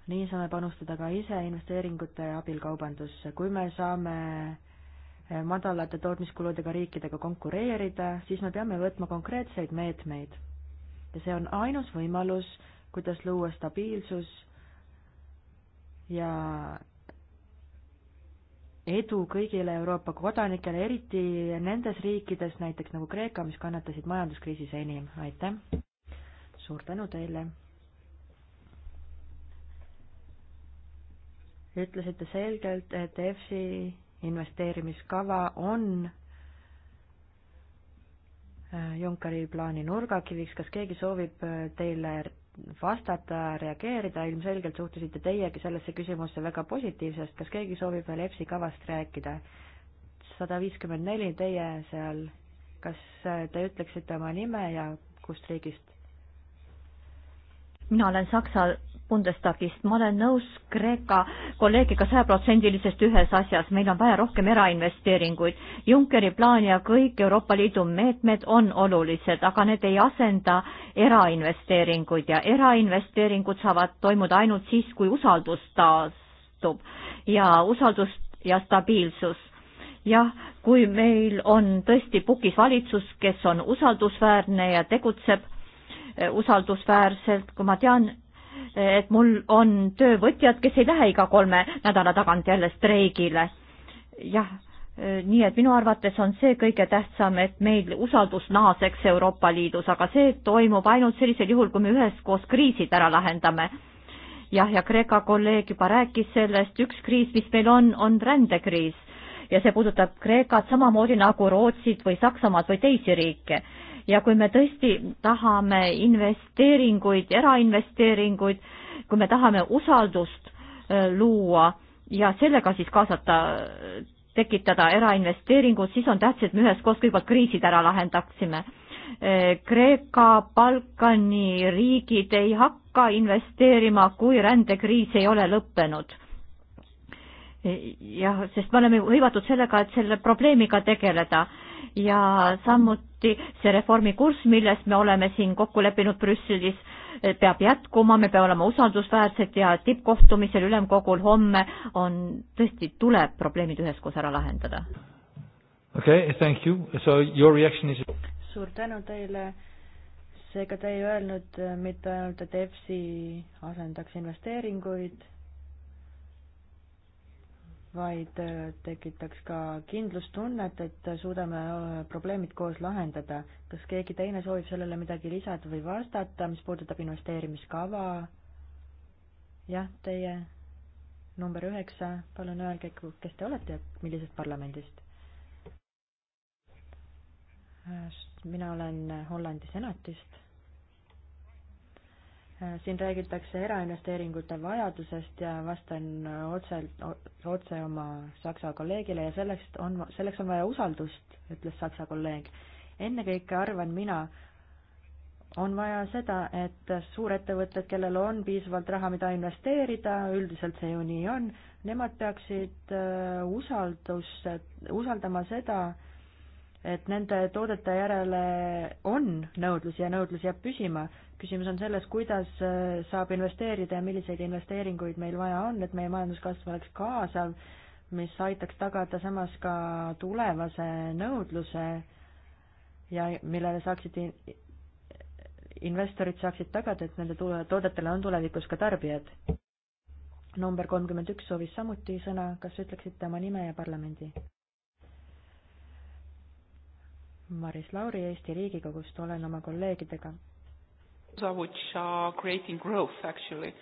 nii saame panustada ka ise investeeringute abil kaubandusse, kui me saame eh, madalate tootmiskuludega riikidega konkureerida, siis me peame võtma konkreetseid meetmeid. ja see on ainus võimalus, kuidas luua stabiilsus ja edu kõigile Euroopa kodanikele, eriti nendes riikides, näiteks nagu Kreeka, mis kannatasid majanduskriisis enim, aitäh! suur tänu teile! ütlesite selgelt, et EFSI investeerimiskava on äh, Junkeri plaani nurgakiviks, kas keegi soovib äh, teile vastata, reageerida, ilmselgelt suhtusite teiegi sellesse küsimusse väga positiivsest, kas keegi soovib veel EFSI kavast rääkida? sada viiskümmend neli, teie seal, kas äh, te ütleksite oma nime ja kust riigist mina olen Saksa Bundestagist, ma olen nõus Kreeka kolleegiga sajaprotsendilisest ühes asjas, meil on vaja rohkem erainvesteeringuid. Junckeri plaan ja kõik Euroopa Liidu meetmed on olulised, aga need ei asenda erainvesteeringuid ja erainvesteeringud saavad toimuda ainult siis, kui usaldus taastub ja usaldus ja stabiilsus jah, kui meil on tõesti pukis valitsus, kes on usaldusväärne ja tegutseb usaldusväärselt, kui ma tean, et mul on töövõtjad, kes ei lähe iga kolme nädala tagant jälle streigile. jah, nii et minu arvates on see kõige tähtsam, et meil usaldus naaseks Euroopa Liidus, aga see toimub ainult sellisel juhul, kui me üheskoos kriisid ära lahendame jah, ja Kreeka kolleeg juba rääkis sellest, üks kriis, mis meil on, on rändekriis ja see puudutab Kreekat samamoodi nagu Rootsit või Saksamaad või teisi riike ja kui me tõesti tahame investeeringuid, erainvesteeringuid, kui me tahame usaldust äh, luua ja sellega siis kaasata, tekitada erainvesteeringud, siis on tähtis, et me üheskoos kõigepealt kriisid ära lahendaksime. Äh, Kreeka, Balkani riigid ei hakka investeerima, kui rändekriis ei ole lõppenud äh, jah, sest me oleme hõivatud sellega, et selle probleemiga tegeleda ja samuti samuti see reformikurss, milles me oleme siin kokku leppinud Brüsselis, eh, peab jätkuma, me peame olema usaldusväärsed ja tippkohtumisel ülemkogul homme on, tõesti tuleb probleemid üheskoos ära lahendada. okei okay,, thank you, so your reaction is? suur tänu teile, seega te ei öelnud eh, mitte ainult, et EFSI asendaks investeeringuid vaid äh, tekitaks ka kindlustunnet, et suudame äh, probleemid koos lahendada. kas keegi teine soovib sellele midagi lisada või vastata, mis puudutab investeerimiskava? jah, teie number üheksa, palun öelge, kes te olete ja millisest parlamendist? Äh, mina olen Hollandi senatist Äh, siin räägitakse erainvesteeringute vajadusest ja vastan otse, otse oma Saksa kolleegile ja selleks on, selleks on vaja usaldust, ütles Saksa kolleeg. ennekõike arvan mina, on vaja seda, et suurettevõtted, kellel on piisavalt raha, mida investeerida, üldiselt see ju nii on, nemad peaksid äh, usaldus, usaldama seda, et nende toodete järele on nõudlus ja nõudlus jääb püsima. küsimus on selles, kuidas äh, saab investeerida ja milliseid investeeringuid meil vaja on, et meie majanduskasv oleks kaasav, mis aitaks tagada samas ka tulevase nõudluse ja millele saaksid investorid saaksid tagada, et nende toodetele on tulevikus ka tarbijad. number kolmkümmend üks soovis samuti sõna, kas ütleksite oma nime ja parlamendi? Maris Lauri Eesti Riigikogust, olen oma kolleegidega. Which are creating growth actually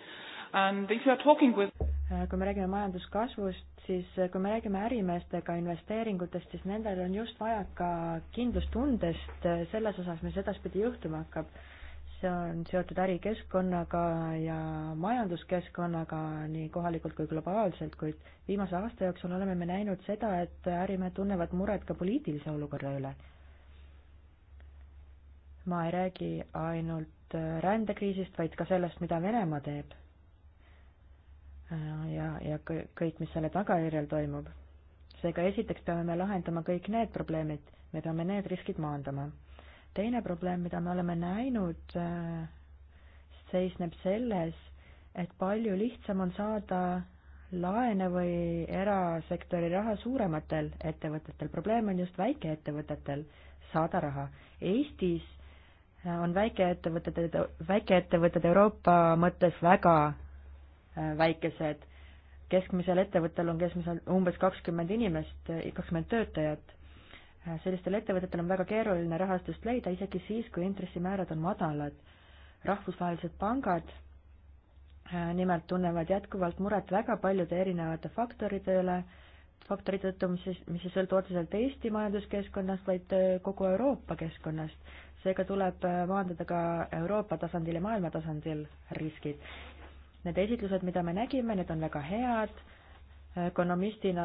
and if you are talking with äh, kui me räägime majanduskasvust, siis äh, kui me räägime ärimeestega investeeringutest, siis nendel on just vaja ka kindlustundest äh, selles osas, mis edaspidi juhtuma hakkab. see on seotud ärikeskkonnaga ja majanduskeskkonnaga nii kohalikult kui globaalselt, kuid viimase aasta jooksul oleme me näinud seda, et ärimehed tunnevad muret ka poliitilise olukorra üle ma ei räägi ainult äh, rändekriisist, vaid ka sellest, mida Venemaa teeb. Äh, ja, ja kõik, mis selle tagajärjel toimub. seega esiteks peame me lahendama kõik need probleemid, me peame need riskid maandama. teine probleem, mida me oleme näinud, äh, seisneb selles, et palju lihtsam on saada laene või erasektori raha suurematel ettevõtetel, probleem on just väikeettevõtetel saada raha. Eestis Äh, on väikeettevõtted, väikeettevõtted Euroopa mõttes väga äh, väikesed. keskmisel ettevõttel on keskmisel umbes kakskümmend inimest, äh, kakskümmend töötajat. sellistel ettevõtetel on väga keeruline rahastust leida, isegi siis, kui intressimäärad on madalad. rahvusvahelised pangad nimelt tunnevad jätkuvalt muret väga paljude erinevate faktorite üle, faktori tõttu, mis siis, mis ei sõltu otseselt Eesti majanduskeskkonnast, vaid kogu Euroopa keskkonnast seega tuleb maandada ka Euroopa tasandil ja maailma tasandil riskid. Need esitlused, mida me nägime, need on väga head, ökonomistina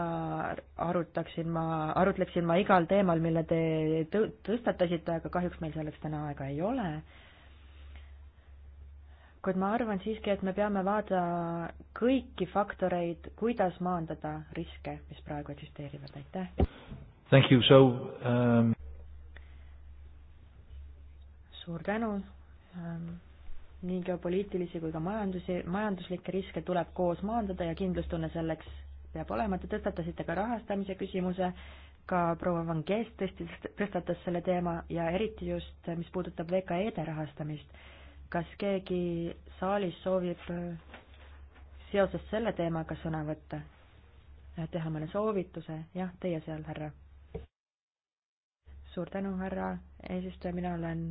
arutaksin ma, arutleksin ma igal teemal, mille te tõ-, tõstatasite, aga kahjuks meil selleks täna aega ei ole. kuid ma arvan siiski, et me peame vaatama kõiki faktoreid, kuidas maandada riske, mis praegu eksisteerivad, aitäh! Thank you, so um suur tänu. Ähm, nii geopoliitilisi kui ka majandusi, majanduslikke riske tuleb koos maandada ja kindlustunne selleks peab olema. Te tõstatasite ka rahastamise küsimuse, ka proua Van Gees tõstis, tõstatas selle teema ja eriti just, mis puudutab VKE-de rahastamist. kas keegi saalis soovib äh, seoses selle teemaga sõna võtta? Äh, teha mõne soovituse, jah, teie seal, härra. suur tänu, härra eesistuja, mina olen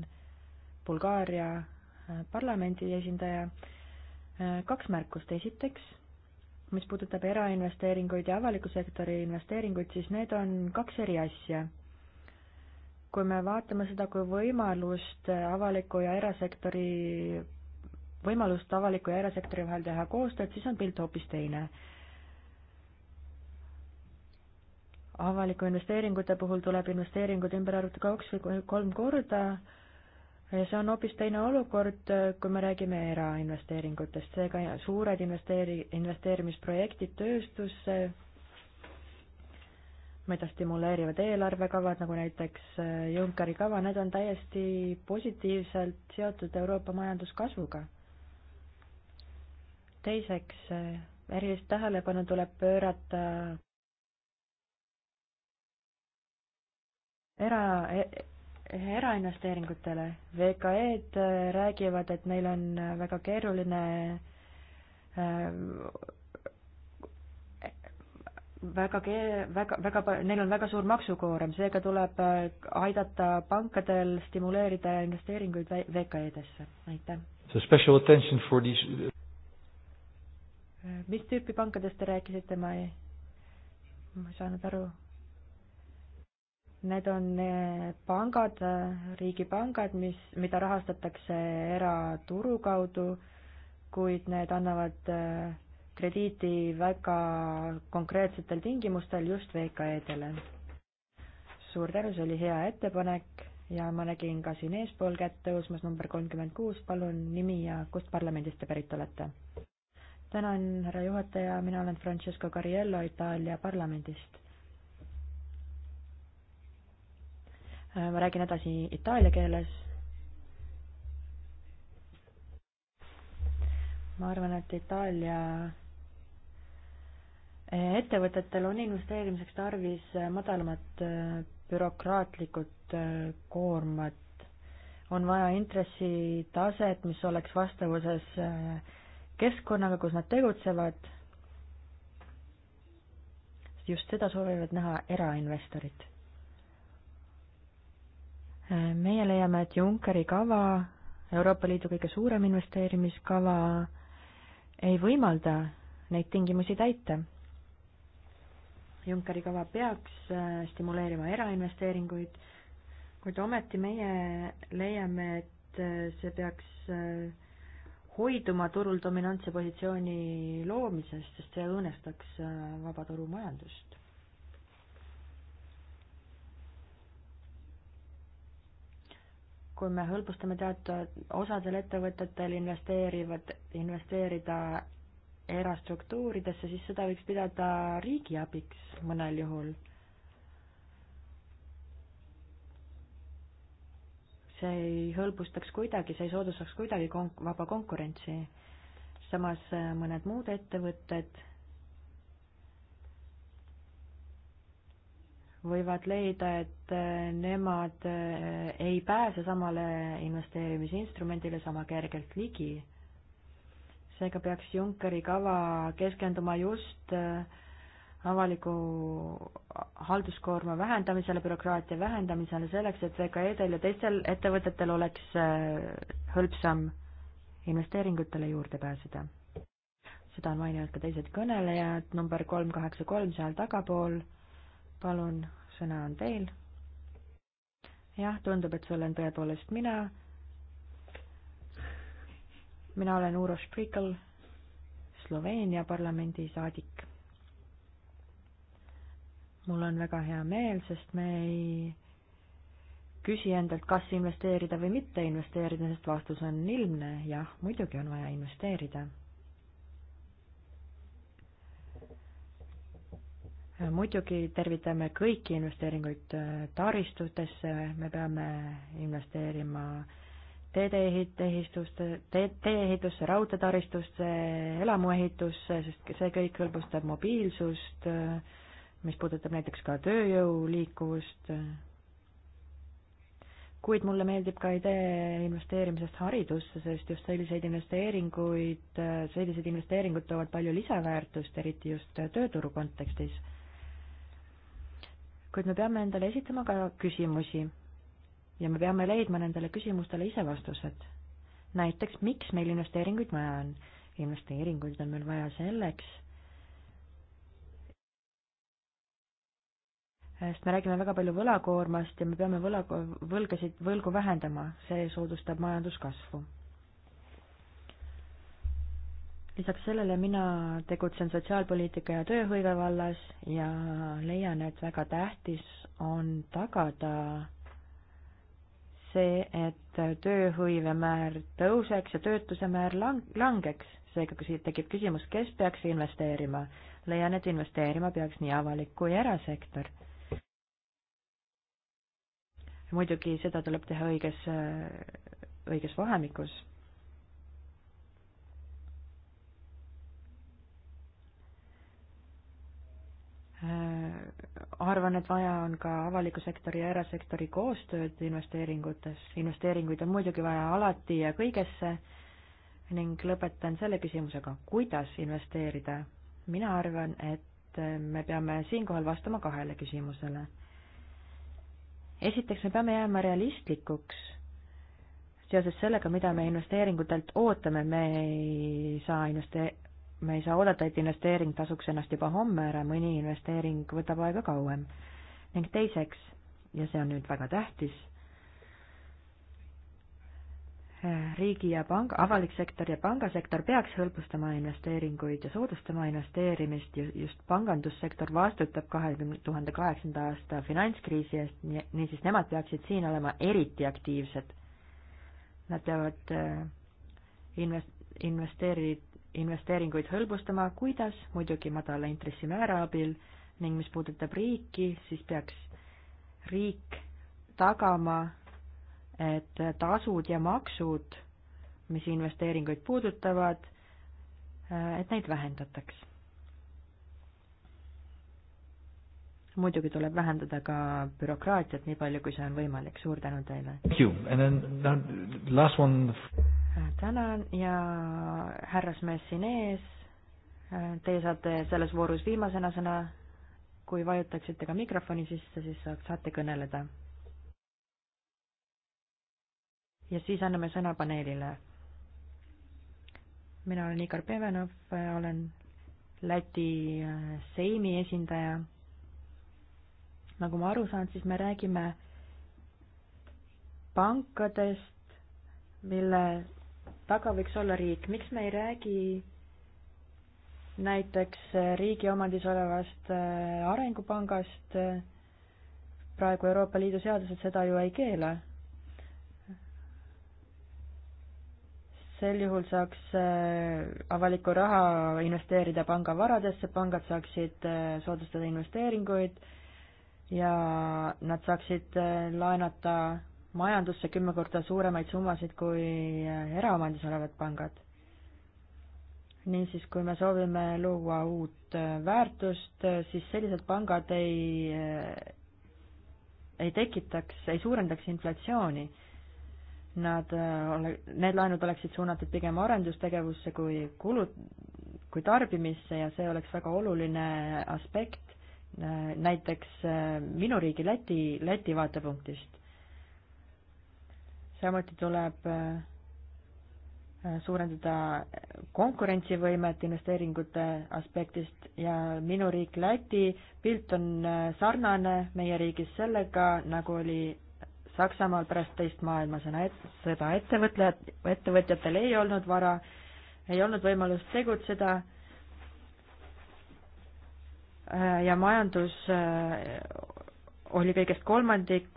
Bulgaaria äh, parlamendi esindaja. Äh, kaks märkust, esiteks, mis puudutab erainvesteeringuid ja avaliku sektori investeeringuid, siis need on kaks eri asja. kui me vaatame seda kui võimalust äh, avaliku ja erasektori, võimalust avaliku ja erasektori vahel teha koostööd, siis on pilt hoopis teine avaliku investeeringute puhul tuleb investeeringud ümber arvutada kaks või kolm korda see on hoopis teine olukord, kui me räägime erainvesteeringutest, seega suured investeeri-, investeerimisprojektid tööstusse, mida stimuleerivad eelarvekavad, nagu näiteks äh, Junckeri kava, need on täiesti positiivselt seotud Euroopa majanduskasvuga. teiseks, äh, erilist tähelepanu tuleb pöörata era- e-, erainvesteeringutele. VKE-d äh, räägivad, et neil on äh, väga keeruline äh, väga kee-, väga, väga, neil on väga suur maksukoorem, seega tuleb aidata pankadel stimuleerida investeeringuid VKE-desse, aitäh. So special attention for these mis tüüpi pankadest te rääkisite, ma ei, ma ei saanud aru Need on pangad, riigipangad, mis, mida rahastatakse eraturu kaudu, kuid need annavad äh, krediiti väga konkreetsetel tingimustel just VKE-dele. suur tänu, see oli hea ettepanek ja ma nägin ka siin eespool kätt tõusmas number kolmkümmend kuus, palun nimi ja kust parlamendist te pärit olete? tänan, härra juhataja, mina olen Francesco Carriello Itaalia parlamendist. Äh, ma räägin edasi itaalia keeles. ma arvan, et Itaalia äh, ettevõtetel on investeerimiseks tarvis äh, madalamat bürokraatlikud koormat. on vaja intressitaset, mis oleks vastavuses keskkonnaga, kus nad tegutsevad. just seda soovivad näha erainvestorid meie leiame, et Junckeri kava, Euroopa Liidu kõige suurem investeerimiskava, ei võimalda neid tingimusi täita. Junckeri kava peaks äh, stimuleerima erainvesteeringuid, kuid ometi meie leiame, et äh, see peaks äh, hoiduma turul dominantse positsiooni loomisest, sest see õõnestaks vabaturumajandust. kui me hõlbustame teatud osadel ettevõtetel investeerivad, investeerida erastruktuuridesse, siis seda võiks pidada riigiabiks mõnel juhul. see ei hõlbustaks kuidagi, see ei soodustaks kuidagi konk-, vaba konkurentsi. samas eh, mõned muud ettevõtted võivad leida, et äh, nemad äh, ei pääse samale investeerimisinstrumendile sama kergelt ligi. seega peaks Junckeri kava keskenduma just äh, avaliku halduskoorma vähendamisele, bürokraatia vähendamisele, selleks et VKE-del ja teistel ettevõtetel oleks hõlpsam investeeringutele juurde pääseda. seda on maininud ka teised kõnelejad, number kolm kaheksa kolm seal tagapool palun, sõna on teil. jah, tundub, et see olen tõepoolest mina. mina olen Uroš Prikl, Sloveenia parlamendi saadik. mul on väga hea meel, sest me ei küsi endalt, kas investeerida või mitte investeerida, sest vastus on ilmne, jah, muidugi on vaja investeerida muidugi tervitame kõiki investeeringuid äh, taristutesse, me peame investeerima teedeehituste, tee-ehitusse, raudteetaristusse, elamuehitusse, sest see kõik hõlbustab mobiilsust, äh, mis puudutab näiteks ka tööjõu liikuvust. kuid mulle meeldib ka idee investeerimisest haridusse, sest just selliseid investeeringuid, äh, sellised investeeringud toovad palju lisaväärtust, eriti just tööturu kontekstis kuid me peame endale esitama ka küsimusi ja me peame leidma nendele küsimustele ise vastused. näiteks, miks meil investeeringuid vaja on? investeeringuid on meil vaja selleks, sest me räägime väga palju võlakoormast ja me peame võla, võlgasid, võlgu vähendama, see soodustab majanduskasvu lisaks sellele mina tegutsen sotsiaalpoliitika ja tööhõive vallas ja leian, et väga tähtis on tagada see, et tööhõive määr tõuseks ja töötuse määr lang-, langeks. seega tekib küsimus, kes peaks investeerima. leian, et investeerima peaks nii avalik kui erasektor. muidugi seda tuleb teha õiges, õiges vahemikus Äh, arvan, et vaja on ka avaliku sektori ja erasektori koostööd investeeringutes, investeeringuid on muidugi vaja alati ja kõigesse ning lõpetan selle küsimusega, kuidas investeerida. mina arvan, et me peame siinkohal vastama kahele küsimusele. esiteks, me peame jääma realistlikuks seoses sellega, mida me investeeringutelt ootame, me ei saa investe-, me ei saa oodata, et investeering tasuks ennast juba homme ära, mõni investeering võtab aega kauem. ning teiseks, ja see on nüüd väga tähtis, riigi ja panga, avalik sektor ja pangasektor peaks hõlbustama investeeringuid ja soodustama investeerimist, just pangandussektor vastutab kahekümne tuhande kaheksanda aasta finantskriisi eest, nii, niisiis nemad peaksid siin olema eriti aktiivsed. Nad peavad äh, invest-, investeerid, investeeringuid hõlbustama, kuidas muidugi madala intressimäära abil ning mis puudutab riiki, siis peaks riik tagama, et tasud ja maksud, mis investeeringuid puudutavad, et neid vähendataks. muidugi tuleb vähendada ka bürokraatiat nii palju, kui see on võimalik, suur tänu teile! tänan ja härrasmees siin ees. Teie saate selles voorus viimasena sõna. kui vajutaksite ka mikrofoni sisse, siis saate kõneleda. ja siis anname sõna paneelile. mina olen Igor Pevenov, olen Läti äh, Seimi esindaja. nagu ma aru saan, siis me räägime pankadest, mille taga võiks olla riik, miks me ei räägi näiteks riigi omandis olevast äh, arengupangast, praegu Euroopa Liidu seadused seda ju ei keela. sel juhul saaks äh, avalikku raha investeerida panga varadesse, pangad saaksid äh, soodustada investeeringuid ja nad saaksid laenata majandusse kümme korda suuremaid summasid kui äh, eraomandis olevad pangad. niisiis, kui me soovime luua uut äh, väärtust, äh, siis sellised pangad ei, ei tekitaks, ei suurendaks inflatsiooni. Nad ole, need laenud oleksid suunatud pigem arendustegevusse kui kulu, kui tarbimisse ja see oleks väga oluline aspekt näiteks minu riigi Läti, Läti vaatepunktist samuti tuleb äh, suurendada konkurentsivõimet investeeringute aspektist ja minu riik Läti pilt on äh, sarnane meie riigis sellega, nagu oli Saksamaal pärast teist maailmasõda, seda ettevõtlejad, ettevõtjatel ei olnud vara, ei olnud võimalust tegutseda äh, ja majandus oli kõigest kolmandik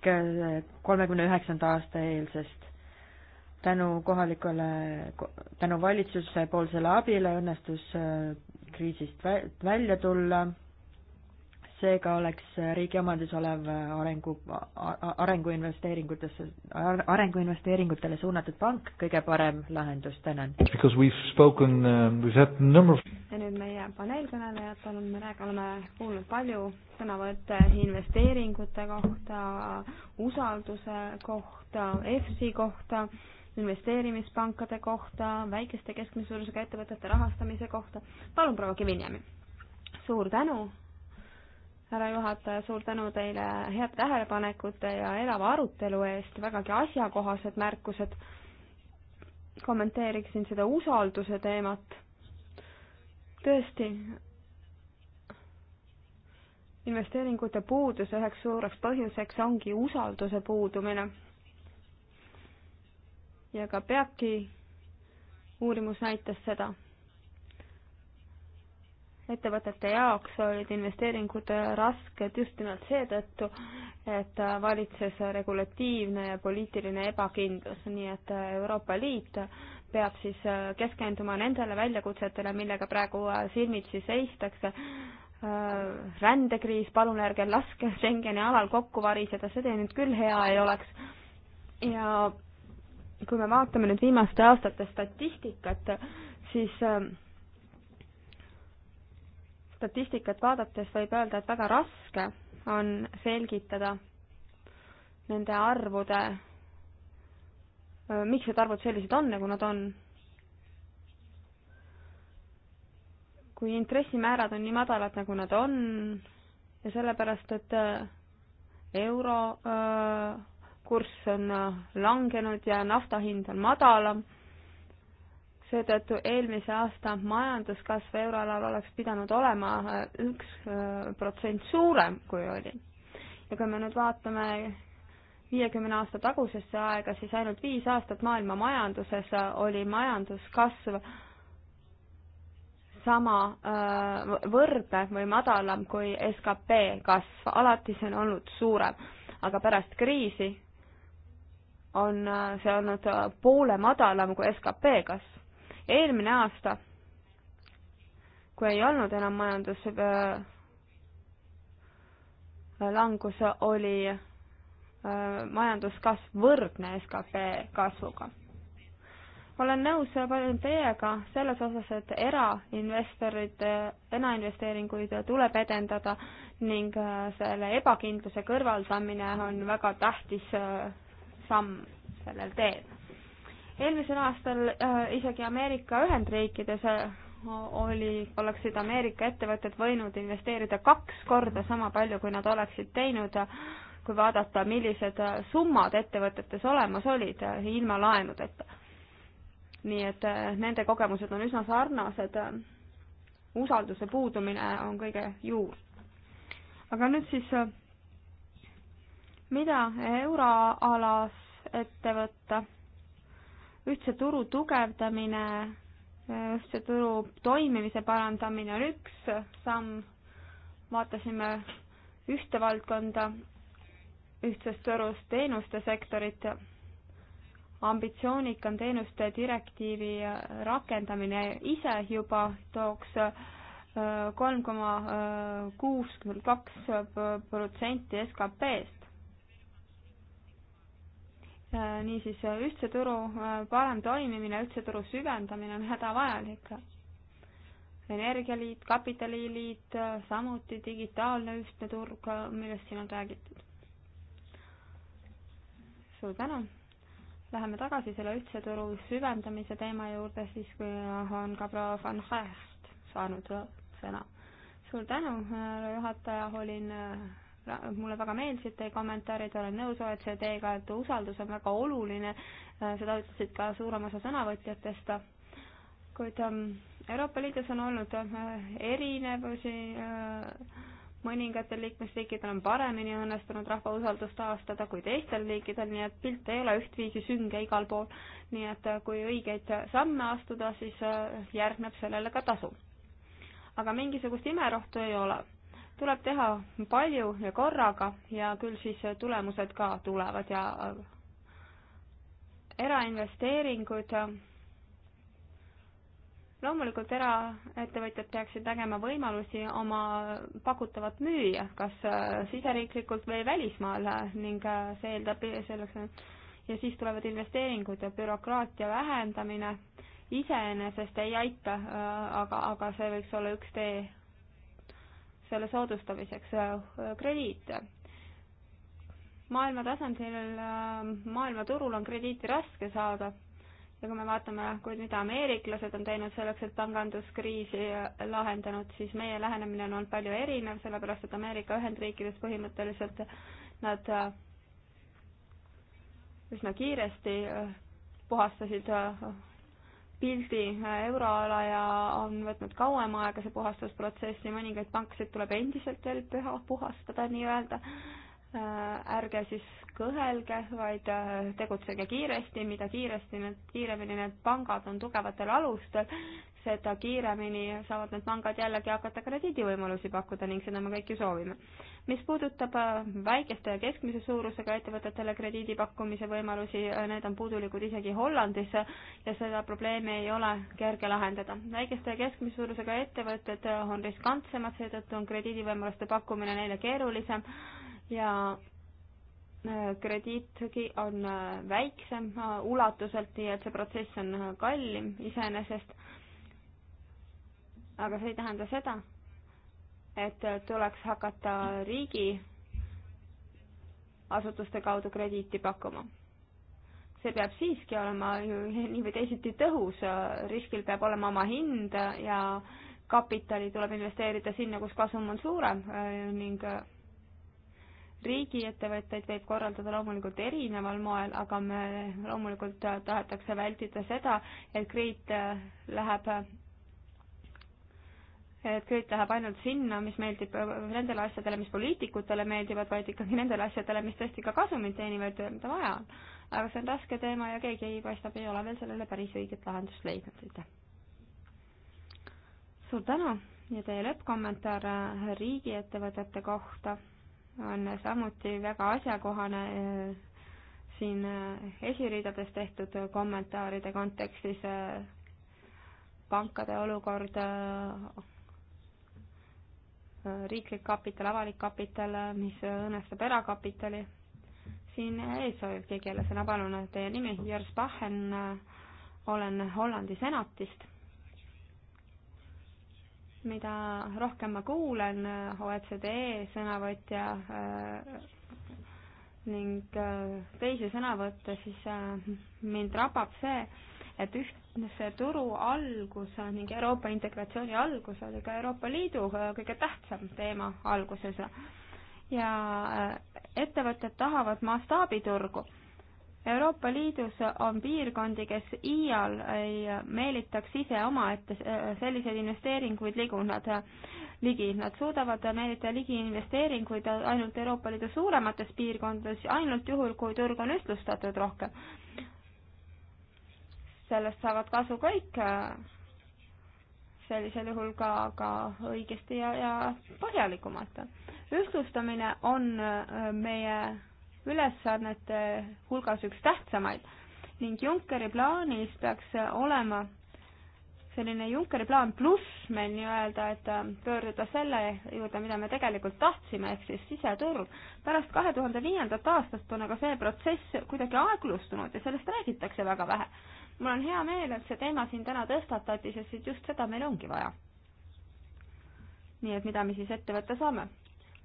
kolmekümne üheksanda aasta eelsest. tänu kohalikule, tänu valitsuse poolsele abile õnnestus äh, kriisist välja tulla seega oleks riigi omandis olev arengu, arenguinvesteeringutesse, arenguinvesteeringutele suunatud pank kõige parem lahendus, tänan. Spoken, uh, of... ja nüüd meie paneelkõnelejad, oleme, me räägime, oleme kuulnud palju sõnavõtte investeeringute kohta, usalduse kohta, EFSI kohta, investeerimispankade kohta, väikeste keskmise suurusega ettevõtete rahastamise kohta. palun, proua Kivinjami. suur tänu härra juhataja, suur tänu teile heade tähelepanekute ja elava arutelu eest, vägagi asjakohased märkused. kommenteeriksin seda usalduse teemat. tõesti, investeeringute puuduse üheks suureks põhjuseks ongi usalduse puudumine. ja ka peabki, uurimus näitas seda ettevõtete jaoks olid investeeringud rasked just nimelt seetõttu, et valitses regulatiivne ja poliitiline ebakindlus, nii et Euroopa Liit peab siis keskenduma nendele väljakutsetele, millega praegu silmitsi seistakse. rändekriis, palun ärge laske Schengeni alal kokku variseda, see teil nüüd küll hea ei oleks. ja kui me vaatame nüüd viimaste aastate statistikat, siis äh, statistikat vaadates võib öelda, et väga raske on selgitada nende arvude, miks need arvud sellised on, nagu nad on. kui intressimäärad on nii madalad, nagu nad on ja sellepärast, et äh, euro öö, äh, kurss on äh, langenud ja nafta hind on madalam seetõttu eelmise aasta majanduskasv euroalal oleks pidanud olema äh, üks äh, protsent suurem, kui oli. ja kui me nüüd vaatame viiekümne aasta tagusesse aega, siis ainult viis aastat maailma majanduses äh, oli majanduskasv sama võrdne või madalam kui skp kasv, alati see on olnud suurem, aga pärast kriisi on see olnud poole madalam kui skp kasv eelmine aasta, kui ei olnud enam majanduslangus, äh, oli äh, majanduskasv võrdne SKP kasvuga. olen nõus paljud teiega selles osas, et erainvestorite, erainvesteeringuid tuleb edendada ning äh, selle ebakindluse kõrvaldamine on väga tähtis samm sellel teel eelmisel aastal äh, isegi Ameerika Ühendriikides äh, oli, oleksid Ameerika ettevõtted võinud investeerida kaks korda sama palju, kui nad oleksid teinud, kui vaadata, millised äh, summad ettevõtetes olemas olid ilma laenudeta. nii et nende kogemused on üsna sarnased. usalduse puudumine on kõige juur. aga nüüd siis, mida euroalas ette võtta ühtse turu tugevdamine, ühtse turu toimimise parandamine on üks samm, vaatasime ühte valdkonda ühtsest turust teenuste sektorit. ambitsioonik on teenuste direktiivi rakendamine ise juba tooks äh, kolm koma äh, kuuskümmend kaks äh, protsenti SKP-st Äh, niisiis äh, ühtse turu äh, parem toimimine, ühtse turu süvendamine on hädavajalik. energialiit, kapitaliliit, samuti digitaalne ühtne turg, millest siin on räägitud. suur tänu. Läheme tagasi selle ühtse turu süvendamise teema juurde, siis kui on ka proua von Haest saanud sõna. suur tänu, juhataja, olin mulle väga meeldisid teie kommentaarid, olen nõus OECD-ga, et usaldus on väga oluline, seda ütlesid ka suurem osa sõnavõtjatest, kuid ähm, Euroopa Liidus on olnud äh, erinevusi, äh, mõningatel liikmesriikidel on paremini õnnestunud rahva usaldust taastada kui teistel liikidel, nii et pilt ei ole ühtviisi sünge igal pool. nii et äh, kui õigeid samme astuda, siis järgneb sellele ka tasu. aga mingisugust imerohtu ei ole tuleb teha palju ja korraga ja küll siis tulemused ka tulevad ja äh, erainvesteeringud, äh, loomulikult eraettevõtjad peaksid nägema võimalusi oma pakutavat müüa, kas äh, siseriiklikult või välismaal ning see eeldab selleks ja siis tulevad investeeringud ja bürokraatia vähendamine iseenesest ei aita, aga, aga see võiks olla üks tee selle soodustamiseks äh, krediite. maailma tasandil, äh, maailmaturul on krediiti raske saada ja kui me vaatame, kuid mida ameeriklased on teinud selleks, et panganduskriisi äh, lahendanud, siis meie lähenemine on olnud palju erinev, sellepärast et Ameerika Ühendriikides põhimõtteliselt nad üsna kiiresti puhastasid pildi äh, euroala ja on võtnud kauem aega see puhastusprotsess ja mõningaid pankasid tuleb endiselt veel püha, puhastada nii-öelda. Äh, ärge siis kõhelge, vaid äh, tegutsege kiiresti, mida kiiresti need, kiiremini need pangad on tugevatel alustel, seda kiiremini saavad need pangad jällegi hakata krediidivõimalusi pakkuda ning seda me kõik ju soovime mis puudutab äh, väikeste ja keskmise suurusega ettevõtetele krediidi pakkumise võimalusi, äh, need on puudulikud isegi Hollandis ja seda probleemi ei ole kerge lahendada. väikeste ja keskmise suurusega ettevõtted äh, on riskantsemad, seetõttu on krediidivõimaluste pakkumine neile keerulisem ja krediitgi on väiksem ulatuselt, nii et see protsess on kallim iseenesest. aga see ei tähenda seda, et tuleks hakata riigi asutuste kaudu krediiti pakkuma. see peab siiski olema ju nii või teisiti tõhus, riskil peab olema oma hind ja kapitali tuleb investeerida sinna, kus kasum on suurem ning riigiettevõtteid võib korraldada loomulikult erineval moel, aga me loomulikult tahetakse vältida seda, et kriit läheb et kõik läheb ainult sinna, mis meeldib nendele asjadele, mis poliitikutele meeldivad, vaid ikkagi nendele asjadele, mis tõesti ka kasumit teenivad ja mida vaja on. aga see on raske teema ja keegi ei, paistab, ei ole veel sellele päris õiget lahendust leidnud, aitäh. suur tänu ja teie lõppkommentaar riigiettevõtete kohta on samuti väga asjakohane eh, siin eh, esiridades tehtud kommentaaride kontekstis eh, pankade olukord Äh, riiklik kapital, avalik kapital, äh, mis õõnestab erakapitali. siin eessoojal keegi sõna, palun, teie nimi, Jürs Bachen, äh, olen Hollandi senatist mida rohkem ma kuulen OECD sõnavõtja ning teisi sõnavõtte, siis mind rabab see, et üht see turu algus ning Euroopa integratsiooni algus oli ka Euroopa Liidu äh, kõige tähtsam teema alguses. ja äh, ettevõtted tahavad mastaabiturgu. Euroopa Liidus on piirkondi, kes iial ei meelitaks ise omaette äh, selliseid investeeringuid ligu, nad ligi, nad suudavad meelitada ligi investeeringuid ainult Euroopa Liidu suuremates piirkondades, ainult juhul, kui turg on ühtlustatud rohkem sellest saavad kasu kõik, äh, sellisel juhul ka, ka õigesti ja, ja põhjalikumalt. ühtlustamine on äh, meie ülesannete hulgas üks tähtsamaid ning Junckeri plaanis peaks olema selline Junckeri plaan pluss meil nii-öelda, et äh, pöörduda selle juurde, mida me tegelikult tahtsime, ehk siis siseturg. pärast kahe tuhande viiendat aastast on aga see protsess kuidagi aeglustunud ja sellest räägitakse väga vähe mul on hea meel, et see teema siin täna tõstatati, sest just seda meil ongi vaja. nii et mida me siis ette võtta saame?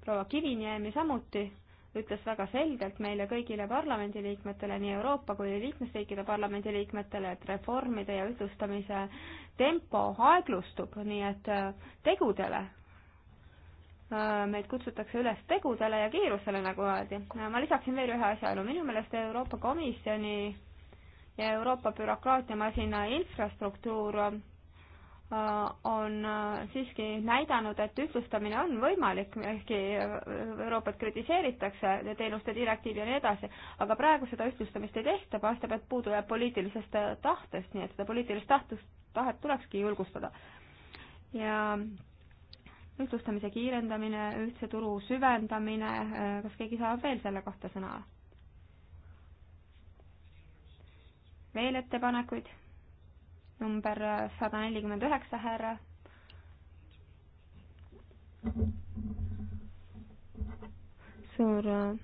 proua Kiviniemi samuti ütles väga selgelt meile kõigile parlamendiliikmetele, nii Euroopa kui liikmesriikide parlamendiliikmetele, et reformide ja ühtlustamise tempo aeglustub, nii et äh, tegudele äh, meid kutsutakse üles tegudele ja kiirusele, nagu öeldi. ma lisaksin veel ühe asjaolu, minu meelest Euroopa Komisjoni ja Euroopa bürokraatiamasina infrastruktuur äh, on äh, siiski näidanud, et ühtlustamine on võimalik, ehkki äh, Euroopat kritiseeritakse, teenuste direktiiv ja nii edasi, aga praegu seda ühtlustamist ei tehta, paistab, et puudu jääb poliitilisest tahtest, nii et seda poliitilist tahtust, tahet tulekski julgustada. ja ühtlustamise kiirendamine, ühtse turu süvendamine, kas keegi saab veel selle kohta sõna? veel ettepanekuid? number sada nelikümmend üheksa, härra. suur äh,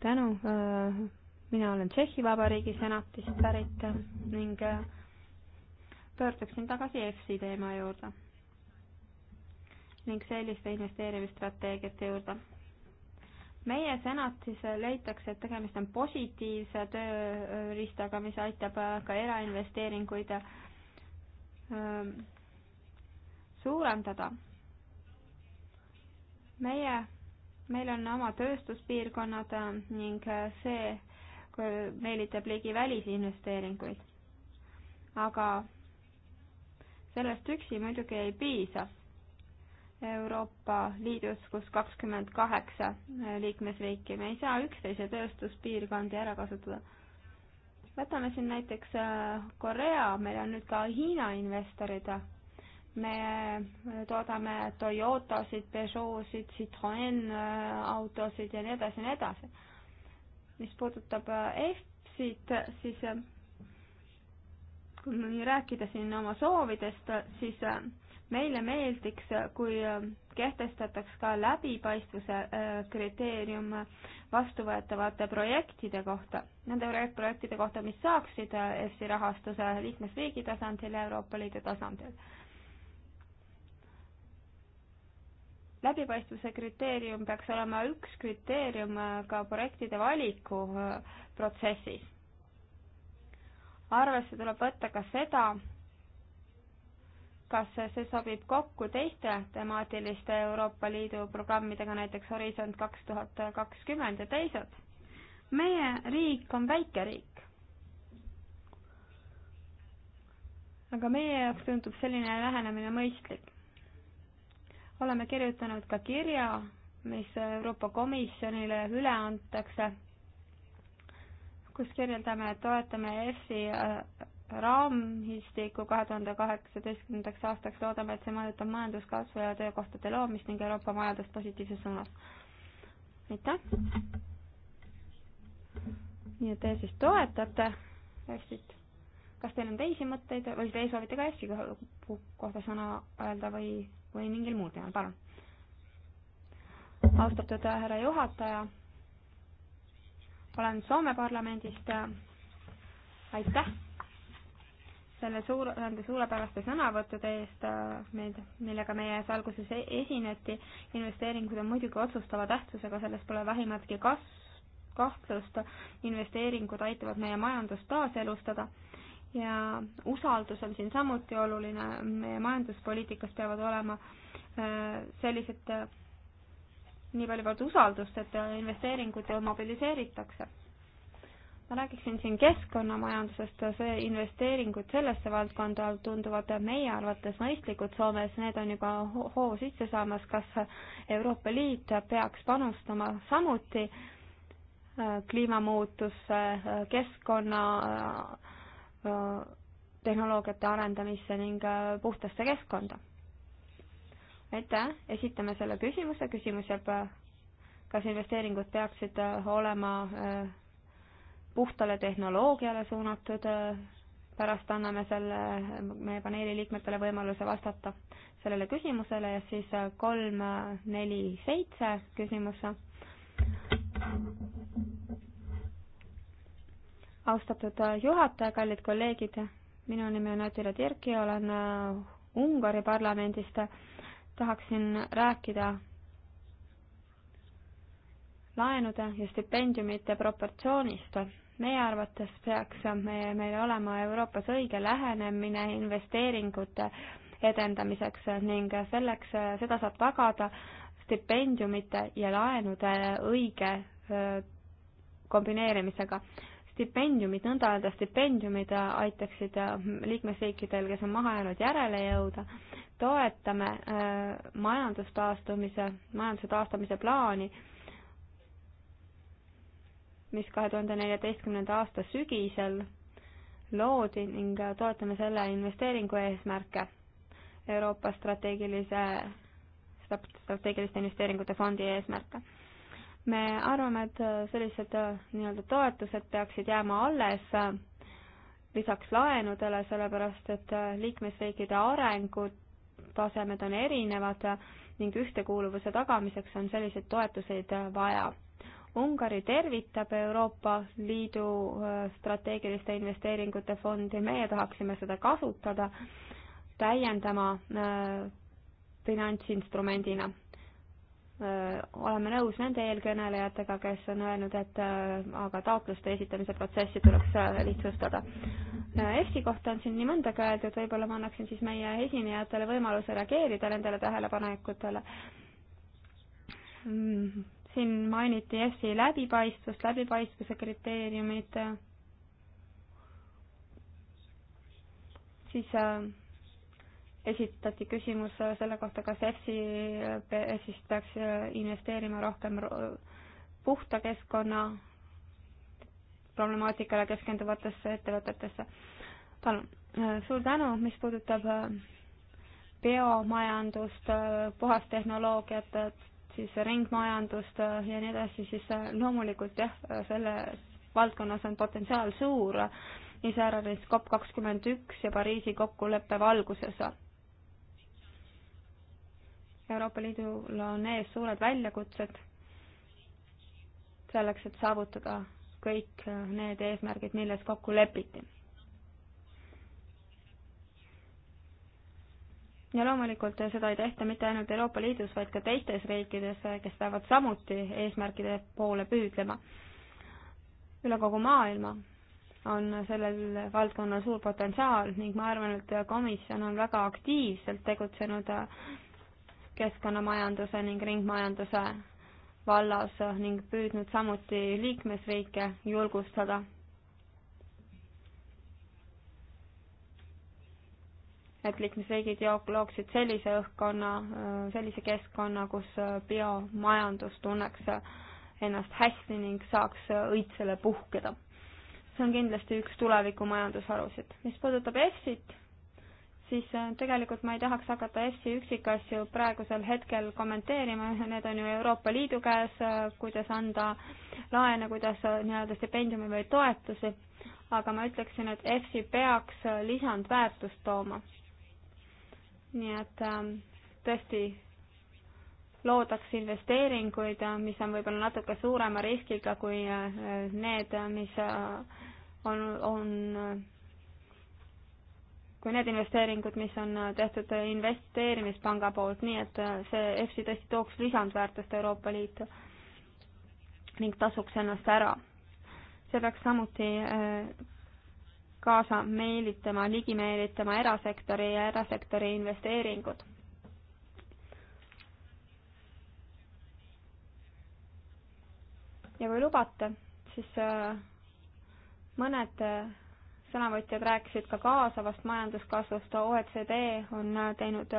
tänu. Äh, mina olen Tšehhi Vabariigi senatist pärit ning äh, pöörduksin tagasi EFSI teema juurde ning selliste investeerimisstrateegiate juurde meie senatis leitakse, et tegemist on positiivse tööriistaga, mis aitab ka erainvesteeringuid ähm, suurendada. meie, meil on oma tööstuspiirkonnad ähm, ning see meelitab ligi välisinvesteeringuid. aga sellest üksi muidugi ei piisa Euroopa Liidus, kus kakskümmend kaheksa liikmesriiki, me ei saa üksteise tööstuspiirkondi ära kasutada. võtame siin näiteks äh, Korea, meil on nüüd ka Hiina investorid. me äh, toodame Toyotasid, Peugeotsid, Citroen äh, autosid ja nii edasi ja nii edasi. mis puudutab EFSit, siis kui rääkida siin oma soovidest, siis meile meeldiks, kui äh, kehtestataks ka läbipaistvuse äh, kriteerium vastuvõetavate projektide kohta, nende projektide kohta, mis saaksid äh, EFSI rahastuse liikmesriigi tasandil ja Euroopa Liidu tasandil. läbipaistvuse kriteerium peaks olema üks kriteerium ka projektide valiku protsessis. arvesse tuleb võtta ka seda, kas see sobib kokku teiste temaatiliste Euroopa Liidu programmidega, näiteks Horisont kaks tuhat kakskümmend ja teised. meie riik on väike riik. aga meie jaoks tundub selline lähenemine mõistlik. oleme kirjutanud ka kirja, mis Euroopa Komisjonile üle antakse, kus kirjeldame, et toetame EFSi raamistiku kahe tuhande kaheksateistkümnendaks aastaks, loodame, et see mõjutab majanduskasvu ja töökohtade loomist ning Euroopa majandust positiivses suunas. aitäh! nii et te siis toetate Eestit. kas teil on teisi mõtteid või te soovite ka Eesti kohta sõna öelda või, või mingil muul teemal, palun? austatud härra juhataja, olen Soome parlamendist, aitäh selle suur, nende suurepäraste sõnavõttude eest, äh, meil, millega meie ees alguses e-, esineti. investeeringud on muidugi otsustava tähtsusega, selles pole vähimatki kas-, kahtlust. investeeringud aitavad meie majandust taaselustada ja usaldus on siin samuti oluline, meie majanduspoliitikas peavad olema äh, sellised äh, nii palju poolt usaldust, et investeeringuid mobiliseeritakse ma räägiksin siin keskkonnamajandusest, see investeeringud sellesse valdkonda tunduvad meie arvates mõistlikud Soomes, need on juba hoo ho sisse saamas, kas Euroopa Liit peaks panustama samuti äh, kliimamuutusse, äh, keskkonna äh, tehnoloogiate arendamisse ning puhtasse keskkonda? aitäh, esitame selle küsimuse, küsimus jääb, kas investeeringud peaksid olema puhtale tehnoloogiale suunatud, pärast anname selle, meie paneeli liikmetele võimaluse vastata sellele küsimusele ja siis kolm, neli, seitse küsimus. austatud juhataja, kallid kolleegid, minu nimi on Atila Tirki, olen äh, Ungari parlamendist, tahaksin rääkida laenude ja stipendiumite proportsioonist meie arvates peaks meie, meil olema Euroopas õige lähenemine investeeringute edendamiseks ning selleks, seda saab tagada stipendiumite ja laenude õige kombineerimisega. stipendiumid, nõnda öelda stipendiumid aitaksid liikmesriikidel, kes on maha jäänud, järele jõuda. toetame majandustaastumise, majanduse taastamise plaani mis kahe tuhande neljateistkümnenda aasta sügisel loodi ning toetame selle investeeringu eesmärke Euroopa strateegilise, strateegiliste investeeringute fondi eesmärke. me arvame, et sellised äh, nii-öelda toetused peaksid jääma alles äh, lisaks laenudele, sellepärast et äh, liikmesriikide arengutasemed on erinevad ning ühtekuuluvuse tagamiseks on selliseid toetuseid vaja Ungari tervitab Euroopa Liidu äh, strateegiliste investeeringute fondi, meie tahaksime seda kasutada täiendama äh, finantsinstrumendina. Äh, oleme nõus nende eelkõnelejatega, kes on öelnud, et aga taotluste esitamise protsessi tuleks lihtsustada. EFSi kohta on siin nii mõndagi öeldud, võib-olla ma annaksin siis meie esinejatele võimaluse reageerida nendele tähelepanekutele mm, siin mainiti EFSi läbipaistvust, läbipaistvuse kriteeriumid, siis äh, esitati küsimus äh, selle kohta, kas EFSi, EFSist äh, peaks investeerima rohkem puhta keskkonna problemaatikale keskenduvatesse ettevõtetesse. palun, suur tänu, mis puudutab biomajandust, puhast tehnoloogiat, siis ringmajandust äh, ja nii edasi, siis äh, loomulikult jah, äh, selles valdkonnas on potentsiaal suur, iseäranis COP kakskümmend üks ja Pariisi kokkuleppe valguses. Euroopa Liidul on ees suured väljakutsed selleks, et saavutada kõik need eesmärgid, milles kokku lepiti ja loomulikult seda ei tehta mitte ainult Euroopa Liidus, vaid ka teistes riikides, kes peavad samuti eesmärkide poole püüdlema. üle kogu maailma on sellel valdkonnal suur potentsiaal ning ma arvan, et komisjon on väga aktiivselt tegutsenud keskkonnamajanduse ning ringmajanduse vallas ning püüdnud samuti liikmesriike julgustada et liikmesriigid looksid sellise õhkkonna, sellise keskkonna, kus biomajandus tunneks ennast hästi ning saaks õitsele puhkeda. see on kindlasti üks tuleviku majandusharusid. mis puudutab EFSit, siis äh, tegelikult ma ei tahaks hakata EFSi üksikasju praegusel hetkel kommenteerima, need on ju Euroopa Liidu käes, äh, kuidas anda laene, kuidas äh, nii-öelda stipendiumi või toetusi, aga ma ütleksin, et EFSi peaks lisandväärtust tooma nii et ähm, tõesti loodaks investeeringuid, äh, mis on võib-olla natuke suurema riskiga kui äh, need, äh, mis on, on, kui need investeeringud, mis on tehtud investeerimispanga poolt, nii et see EFSI tõesti tooks lisandväärtust Euroopa Liitu ning tasuks ennast ära. see peaks samuti kaasa meelitama, ligi meelitama erasektori ja erasektori investeeringud. ja kui lubate, siis äh, mõned äh, sõnavõtjad rääkisid ka kaasavast majanduskasvust, OECD on äh, teinud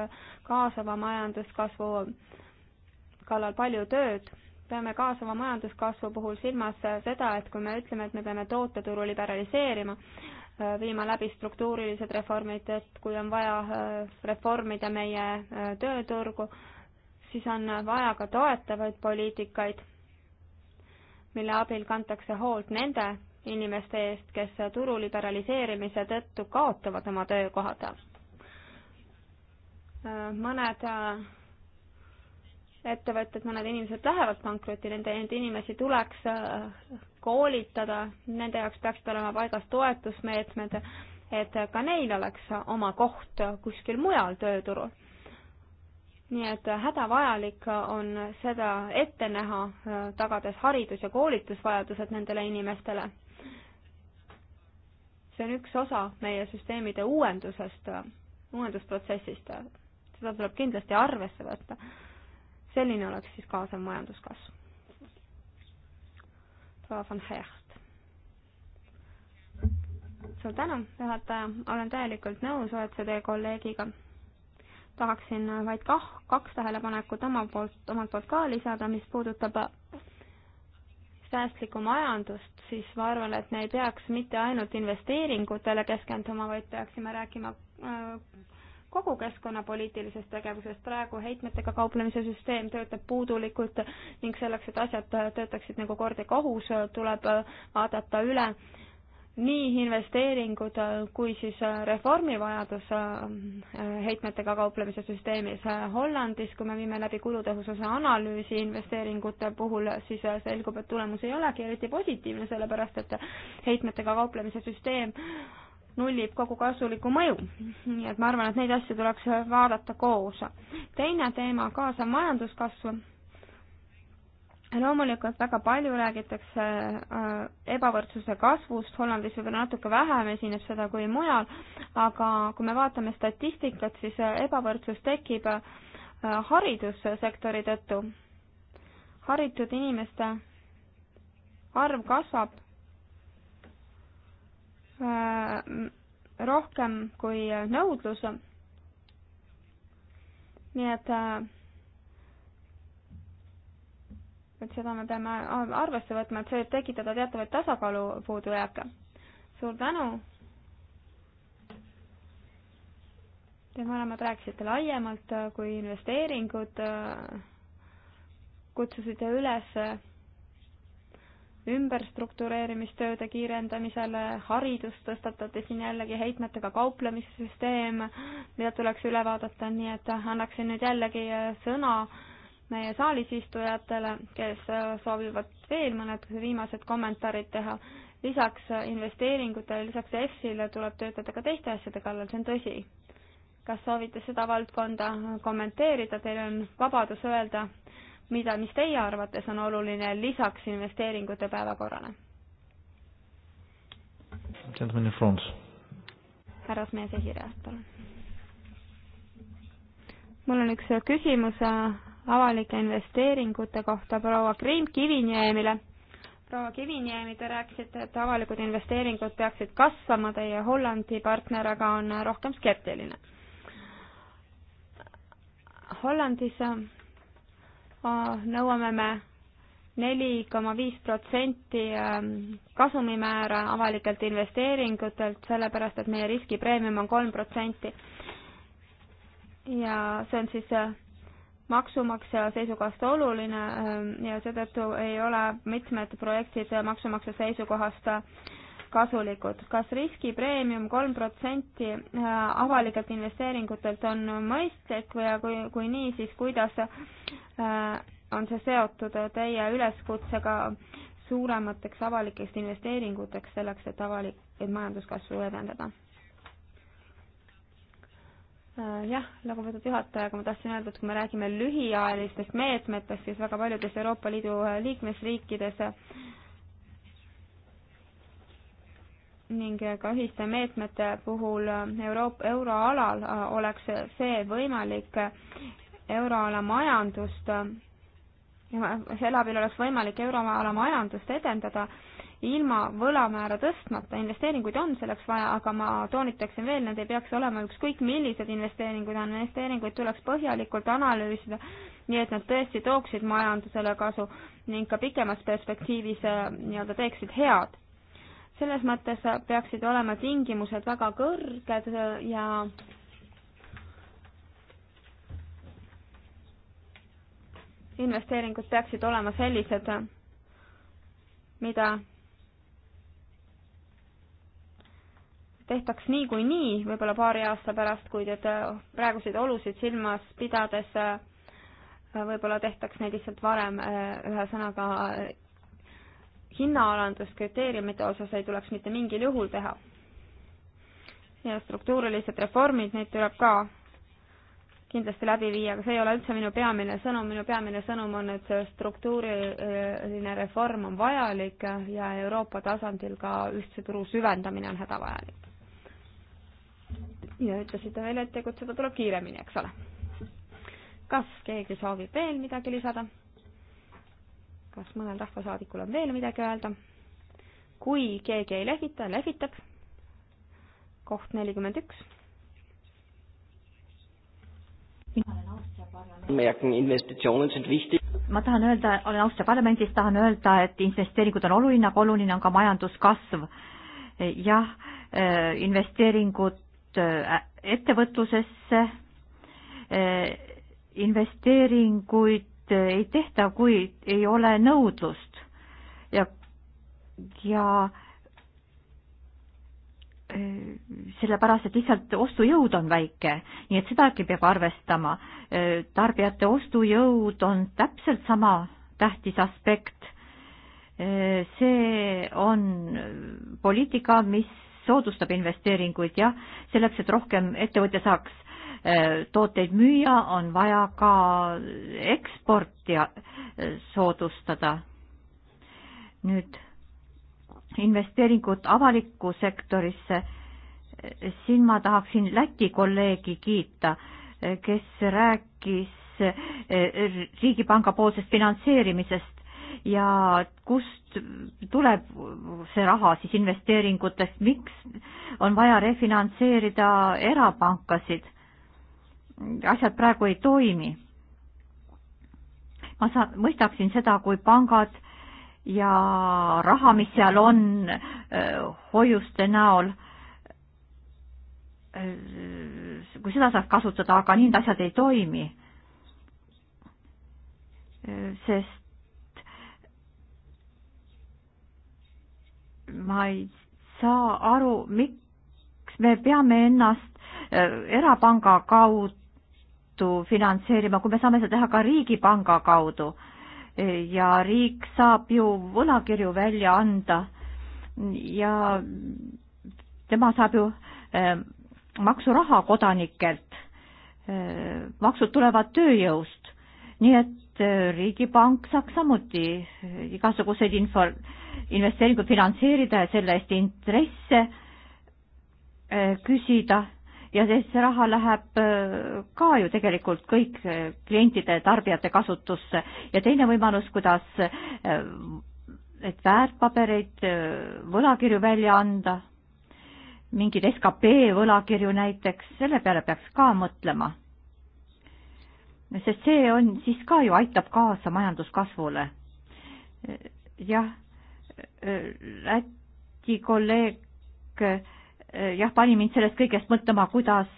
kaasava majanduskasvu kallal palju tööd peame kaasava majanduskasvu puhul silmas seda, et kui me ütleme, et me peame tooteturu liberaliseerima, Äh, viima läbi struktuurilised reformid, et kui on vaja äh, reformida meie äh, tööturgu, siis on vaja ka toetavaid poliitikaid, mille abil kantakse hoolt nende inimeste eest, kes turu liberaliseerimise tõttu kaotavad oma töökohad. mõned ettevõtted, mõned inimesed lähevad pankrotti, nende, neid inimesi tuleks äh, koolitada, nende jaoks peaksid olema paigas toetusmeetmed, et ka neil oleks oma koht kuskil mujal tööturul. nii et hädavajalik on seda ette näha, äh, tagades haridus- ja koolitusvajadused nendele inimestele. see on üks osa meie süsteemide uuendusest, äh, uuendusprotsessist. seda tuleb kindlasti arvesse võtta selline oleks siis kaasav majanduskasv. proua von Hecht. suur tänu, juhataja, olen täielikult nõus OECD kolleegiga. tahaksin vaid kah, kaks tähelepanekut oma poolt, omalt poolt ka lisada, mis puudutab säästlikku majandust, siis ma arvan, et me ei peaks mitte ainult investeeringutele keskenduma, vaid peaksime rääkima äh, kogu keskkonnapoliitilisest tegevusest. praegu heitmetega kauplemise süsteem töötab puudulikult ning selleks, et asjad töötaksid nagu kord ja kohus, tuleb vaadata üle nii investeeringud kui siis reformivajadus heitmetega kauplemise süsteemis. Hollandis, kui me viime läbi kulutõhususe analüüsi investeeringute puhul, siis selgub, et tulemus ei olegi eriti positiivne, sellepärast et heitmetega kauplemise süsteem nullib kogu kasuliku mõju. nii et ma arvan, et neid asju tuleks vaadata koos. teine teema, kaasav majanduskasv. loomulikult väga palju räägitakse äh, ebavõrdsuse kasvust, Hollandis võib-olla natuke vähem esineb seda kui mujal, aga kui me vaatame statistikat, siis äh, ebavõrdsus tekib äh, haridussektori tõttu. haritud inimeste arv kasvab Äh, rohkem kui nõudlus. nii et, äh, et seda me peame arvesse võtma, et see võib tekitada teatavaid tasakaalu puudujääke. suur tänu. Te mõlemad rääkisite laiemalt äh, kui investeeringud, kutsusite üles ümberstruktureerimistööde kiirendamisele, haridus tõstatati siin jällegi, heitmetega kauplemissüsteem, mida tuleks üle vaadata, nii et annaksin nüüd jällegi äh, sõna meie saalis istujatele, kes äh, soovivad veel mõned viimased kommentaarid teha. lisaks äh, investeeringutele, lisaks EFSile tuleb töötada ka teiste asjade kallal, see on tõsi. kas soovite seda valdkonda kommenteerida, teil on vabadus öelda, mida, mis teie arvates on oluline lisaks investeeringute päevakorrale? härrasmees esireast, palun. mul on üks küsimus äh, avalike investeeringute kohta proua Kiviniemile proua Kiviniemi, te rääkisite, et avalikud investeeringud peaksid kasvama, teie Hollandi partner aga on rohkem skeptiline. Hollandis äh, Ah, nõuame me neli koma viis protsenti ähm, kasumimäära avalikelt investeeringutelt, sellepärast et meie riskipreemium on kolm protsenti. ja see on siis äh, maksumaksja seisukohast oluline ähm, ja seetõttu ei ole mitmed projektid maksumaksja seisukohast äh, kasulikud. kas riskipreemium kolm protsenti äh, avalikelt investeeringutelt on mõistlik ja kui, kui nii, siis kuidas äh, on see seotud teie üleskutsega suuremateks avalikeks investeeringuteks selleks, et avalik, et majanduskasvu edendada? Äh, jah, lugupeetud juhataja, aga ma tahtsin öelda, et kui me räägime lühiajalistest meetmetest, siis väga paljudes Euroopa Liidu liikmesriikides äh, ning ka ühiste meetmete puhul Euroopa, euroalal äh, oleks see võimalik, euroala majandust, selle abil oleks võimalik euroala majandust edendada ilma võlamäära tõstmata, investeeringuid on selleks vaja, aga ma toonitaksin veel, need ei peaks olema ükskõik millised investeeringud, investeeringuid tuleks põhjalikult analüüsida, nii et nad tõesti tooksid majandusele kasu ning ka pikemas perspektiivis äh, nii-öelda teeksid head selles mõttes peaksid olema tingimused väga kõrged ja investeeringud peaksid olema sellised, mida tehtaks niikuinii nii, võib-olla paari aasta pärast, kuid et praeguseid olusid silmas pidades võib-olla tehtaks neid lihtsalt varem, ühesõnaga hinnaalanduskriteeriumite osas ei tuleks mitte mingil juhul teha. ja struktuurilised reformid, neid tuleb ka kindlasti läbi viia, aga see ei ole üldse minu peamine sõnum, minu peamine sõnum on, et see struktuuriline reform on vajalik ja Euroopa tasandil ka ühtse turu süvendamine on hädavajalik. ja ütlesite veel, et tegutseda tuleb kiiremini, eks ole. kas keegi soovib veel midagi lisada? kas mõnel rahvasaadikul on veel midagi öelda? kui keegi ei lehvita, lehvitab. koht nelikümmend üks. ma tahan öelda, olen Austria parlamendis, tahan öelda, et investeeringud on oluline, aga oluline on ka majanduskasv. jah, äh, investeeringud äh, ettevõtlusesse, äh, investeeringuid ei tehta, kui ei ole nõudlust. ja, ja äh, sellepärast, et lihtsalt ostujõud on väike, nii et sedagi peab arvestama. Äh, tarbijate ostujõud on täpselt sama tähtis aspekt. Äh, see on poliitika, mis soodustab investeeringuid, jah, selleks, et rohkem ettevõtja saaks tooteid müüa, on vaja ka eksporti e, soodustada. nüüd investeeringud avalikku sektorisse, e, siin ma tahaksin Läti kolleegi kiita, e, kes rääkis Riigipanga poolsest finantseerimisest ja kust tuleb see raha siis investeeringutest, miks on vaja refinantseerida erapankasid? asjad praegu ei toimi. ma saan, mõistaksin seda, kui pangad ja raha, mis seal on äh, hoiuste näol, äh, kui seda saaks kasutada, aga nii need asjad ei toimi. Äh, sest ma ei saa aru, miks me peame ennast erapanga kaudu kaudu finantseerima, kui me saame seda teha ka Riigipanga kaudu. ja riik saab ju võlakirju välja anda ja tema saab ju ähm, maksuraha kodanikelt. Äh, maksud tulevad tööjõust, nii et äh, riigipank saaks samuti äh, igasuguseid info, investeeringuid finantseerida ja selle eest intresse küsida ja siis see raha läheb äh, ka ju tegelikult kõik äh, klientide, tarbijate kasutusse ja teine võimalus, kuidas äh, et väärtpabereid, võlakirju välja anda, mingeid skp võlakirju näiteks, selle peale peaks ka mõtlema. sest see on, siis ka ju aitab kaasa majanduskasvule. jah, Läti kolleeg jah, pani mind sellest kõigest mõtlema, kuidas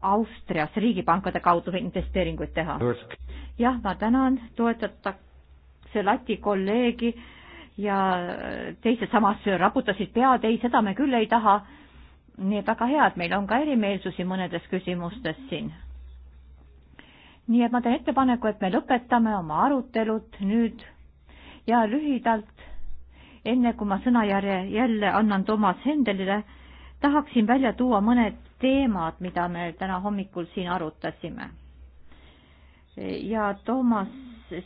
Austrias riigipankade kaudu investeeringuid teha. jah, ma tänan, toetatakse Läti kolleegi ja teised samas raputasid pead, ei, seda me küll ei taha. nii et väga hea, et meil on ka erimeelsusi mõnedes küsimustes siin. nii et ma teen ettepaneku, et me lõpetame oma arutelud nüüd ja lühidalt enne kui ma sõnajärje jälle annan Toomas Hendelile, tahaksin välja tuua mõned teemad, mida me täna hommikul siin arutasime. ja Toomas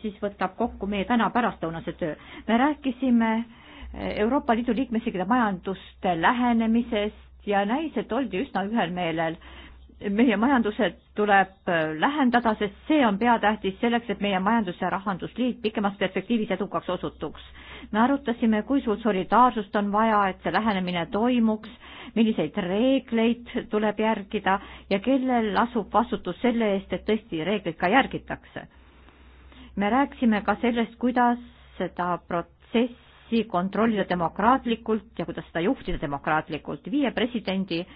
siis võtab kokku meie täna pärastlõunase töö. me rääkisime Euroopa Liidu liikmesriikide majanduste lähenemisest ja näis, et oldi üsna ühel meelel. meie majandused tuleb lähendada, sest see on peatähtis selleks, et meie majandus- ja rahandusliit pikemas perspektiivis edukaks osutuks me arutasime, kui suurt solidaarsust on vaja, et see lähenemine toimuks, milliseid reegleid tuleb järgida ja kellel lasub vastutus selle eest, et tõesti reegleid ka järgitakse. me rääkisime ka sellest, kuidas seda protsessi kontrollida demokraatlikult ja kuidas seda juhtida demokraatlikult. viie presidendi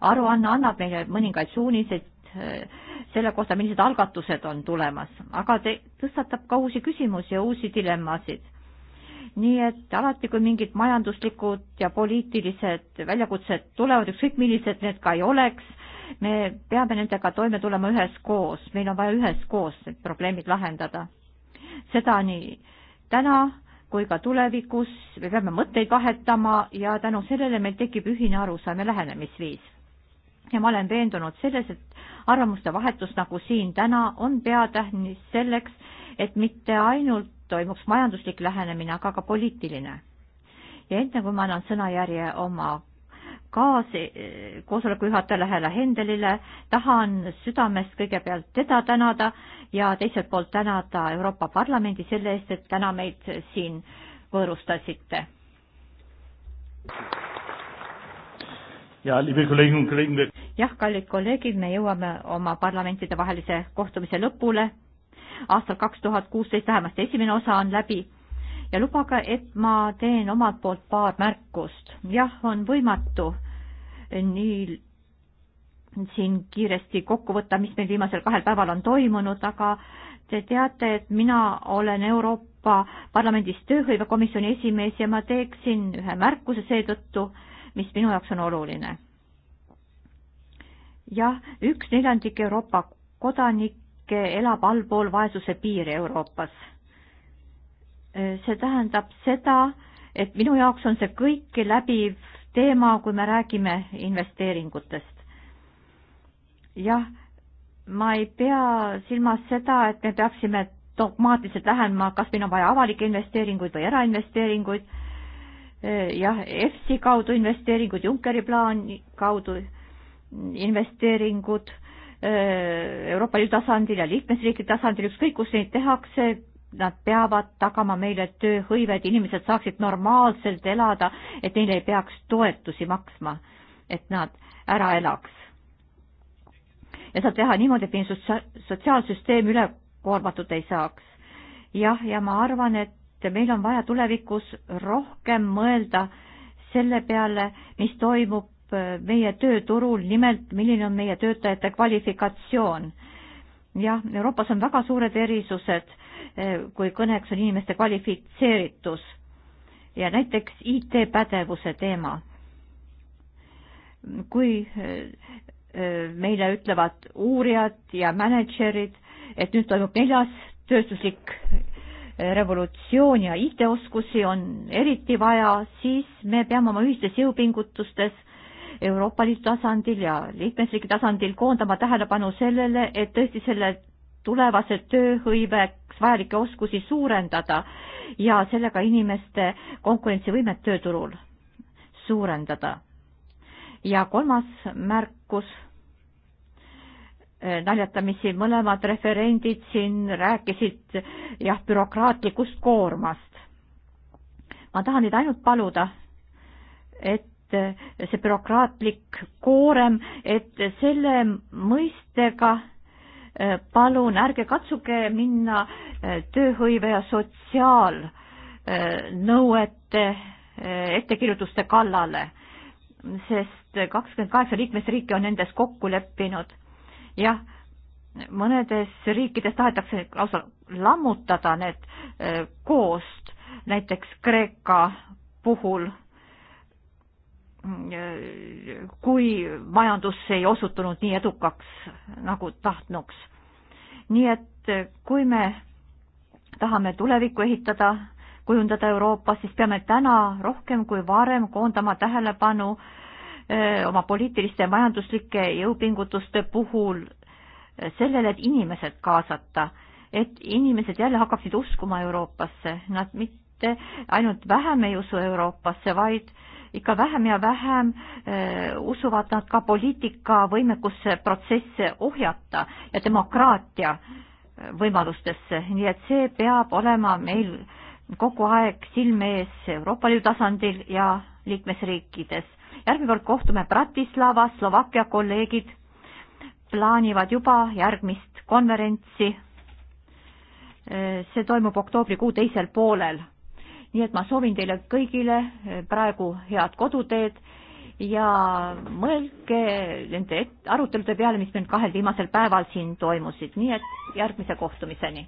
aruanne annab meile mõningaid suuniseid eh, selle kohta, millised algatused on tulemas, aga te, tõstatab ka uusi küsimusi ja uusi dilemmasid nii et alati, kui mingid majanduslikud ja poliitilised väljakutsed tulevad, ükskõik millised need ka ei oleks, me peame nendega toime tulema üheskoos, meil on vaja üheskoos need probleemid lahendada. seda nii täna kui ka tulevikus, me peame mõtteid vahetama ja tänu sellele meil tekib ühine arusaam ja lähenemisviis. ja ma olen veendunud selles, et arvamuste vahetus nagu siin täna on peatähtis selleks, et mitte ainult toimuks majanduslik lähenemine, aga ka poliitiline. ja enne kui ma annan sõnajärje oma kaas-, eh, koosoleku juhatajale Hela Hendelile, tahan südamest kõigepealt teda tänada ja teiselt poolt tänada Euroopa Parlamendi selle eest, et täna meid siin võõrustasite. jah, kallid kolleegid, me jõuame oma parlamentidevahelise kohtumise lõpule aastal kaks tuhat kuusteist, vähemasti esimene osa on läbi. ja lubage, et ma teen omalt poolt paar märkust. jah, on võimatu nii siin kiiresti kokku võtta, mis meil viimasel kahel päeval on toimunud, aga te teate, et mina olen Euroopa Parlamendis tööhõivekomisjoni esimees ja ma teeksin ühe märkuse seetõttu, mis minu jaoks on oluline. jah, üks neljandik Euroopa kodanikke elab allpool vaesuse piiri Euroopas. see tähendab seda, et minu jaoks on see kõiki läbiv teema, kui me räägime investeeringutest. jah, ma ei pea silmas seda, et me peaksime dogmaatiliselt lähenema, kas meil on vaja avalikke investeeringuid või erainvesteeringuid, jah, EFSI kaudu investeeringud, Junckeri plaani kaudu investeeringud Äh, Euroopa Liidu tasandil ja liikmesriikide tasandil, ükskõik kus neid tehakse, nad peavad tagama meile tööhõive, et inimesed saaksid normaalselt elada, et neile ei peaks toetusi maksma, et nad ära elaks. ja seda teha niimoodi, et meie sotsiaalsüsteem üle koormatud ei saaks. jah, ja ma arvan, et meil on vaja tulevikus rohkem mõelda selle peale, mis toimub Äh, meie tööturul, nimelt milline on meie töötajate kvalifikatsioon. jah, Euroopas on väga suured erisused, äh, kui kõneks on inimeste kvalifitseeritus ja näiteks IT-pädevuse teema. kui äh, meile ütlevad uurijad ja mänedžerid, et nüüd toimub neljas tööstuslik revolutsioon ja IT-oskusi on eriti vaja, siis me peame oma ühistes jõupingutustes Euroopa Liidu tasandil ja liikmesriigi tasandil koondama tähelepanu sellele, et tõesti selle tulevase tööhõiveks vajalikke oskusi suurendada ja sellega inimeste konkurentsivõimet tööturul suurendada. ja kolmas märkus, eh, naljatamisi mõlemad referendid siin rääkisid jah, bürokraatlikust koormast. ma tahan neid ainult paluda, et see bürokraatlik koorem, et selle mõistega eh, palun ärge katsuge minna eh, tööhõive ja sotsiaalnõuete eh, ettekirjutuste kallale, sest kakskümmend kaheksa liikmesriiki on nendes kokku leppinud. jah, mõnedes riikides tahetakse lausa lammutada need koost, näiteks Kreeka puhul kui majandus ei osutunud nii edukaks, nagu tahtnuks. nii et kui me tahame tulevikku ehitada, kujundada Euroopas, siis peame täna rohkem kui varem koondama tähelepanu öö, eh, oma poliitiliste ja majanduslike jõupingutuste puhul eh, sellele, et inimesed kaasata, et inimesed jälle hakkaksid uskuma Euroopasse, nad mitte ainult vähem ei usu Euroopasse, vaid äh, ikka vähem ja vähem eh, usuvad nad ka poliitika võimekusse protsesse ohjata ja demokraatia eh, võimalustesse, nii et see peab olema meil kogu aeg silme ees Euroopa Liidu tasandil ja liikmesriikides. järgmine kord kohtume Bratislavas, Slovakkia kolleegid plaanivad juba järgmist konverentsi. Eh, see toimub oktoobrikuu teisel poolel nii et ma soovin teile kõigile eh, praegu head koduteed ja mõelge nende arutelude peale, mis meil kahel viimasel päeval siin toimusid, nii et järgmise kohtumiseni.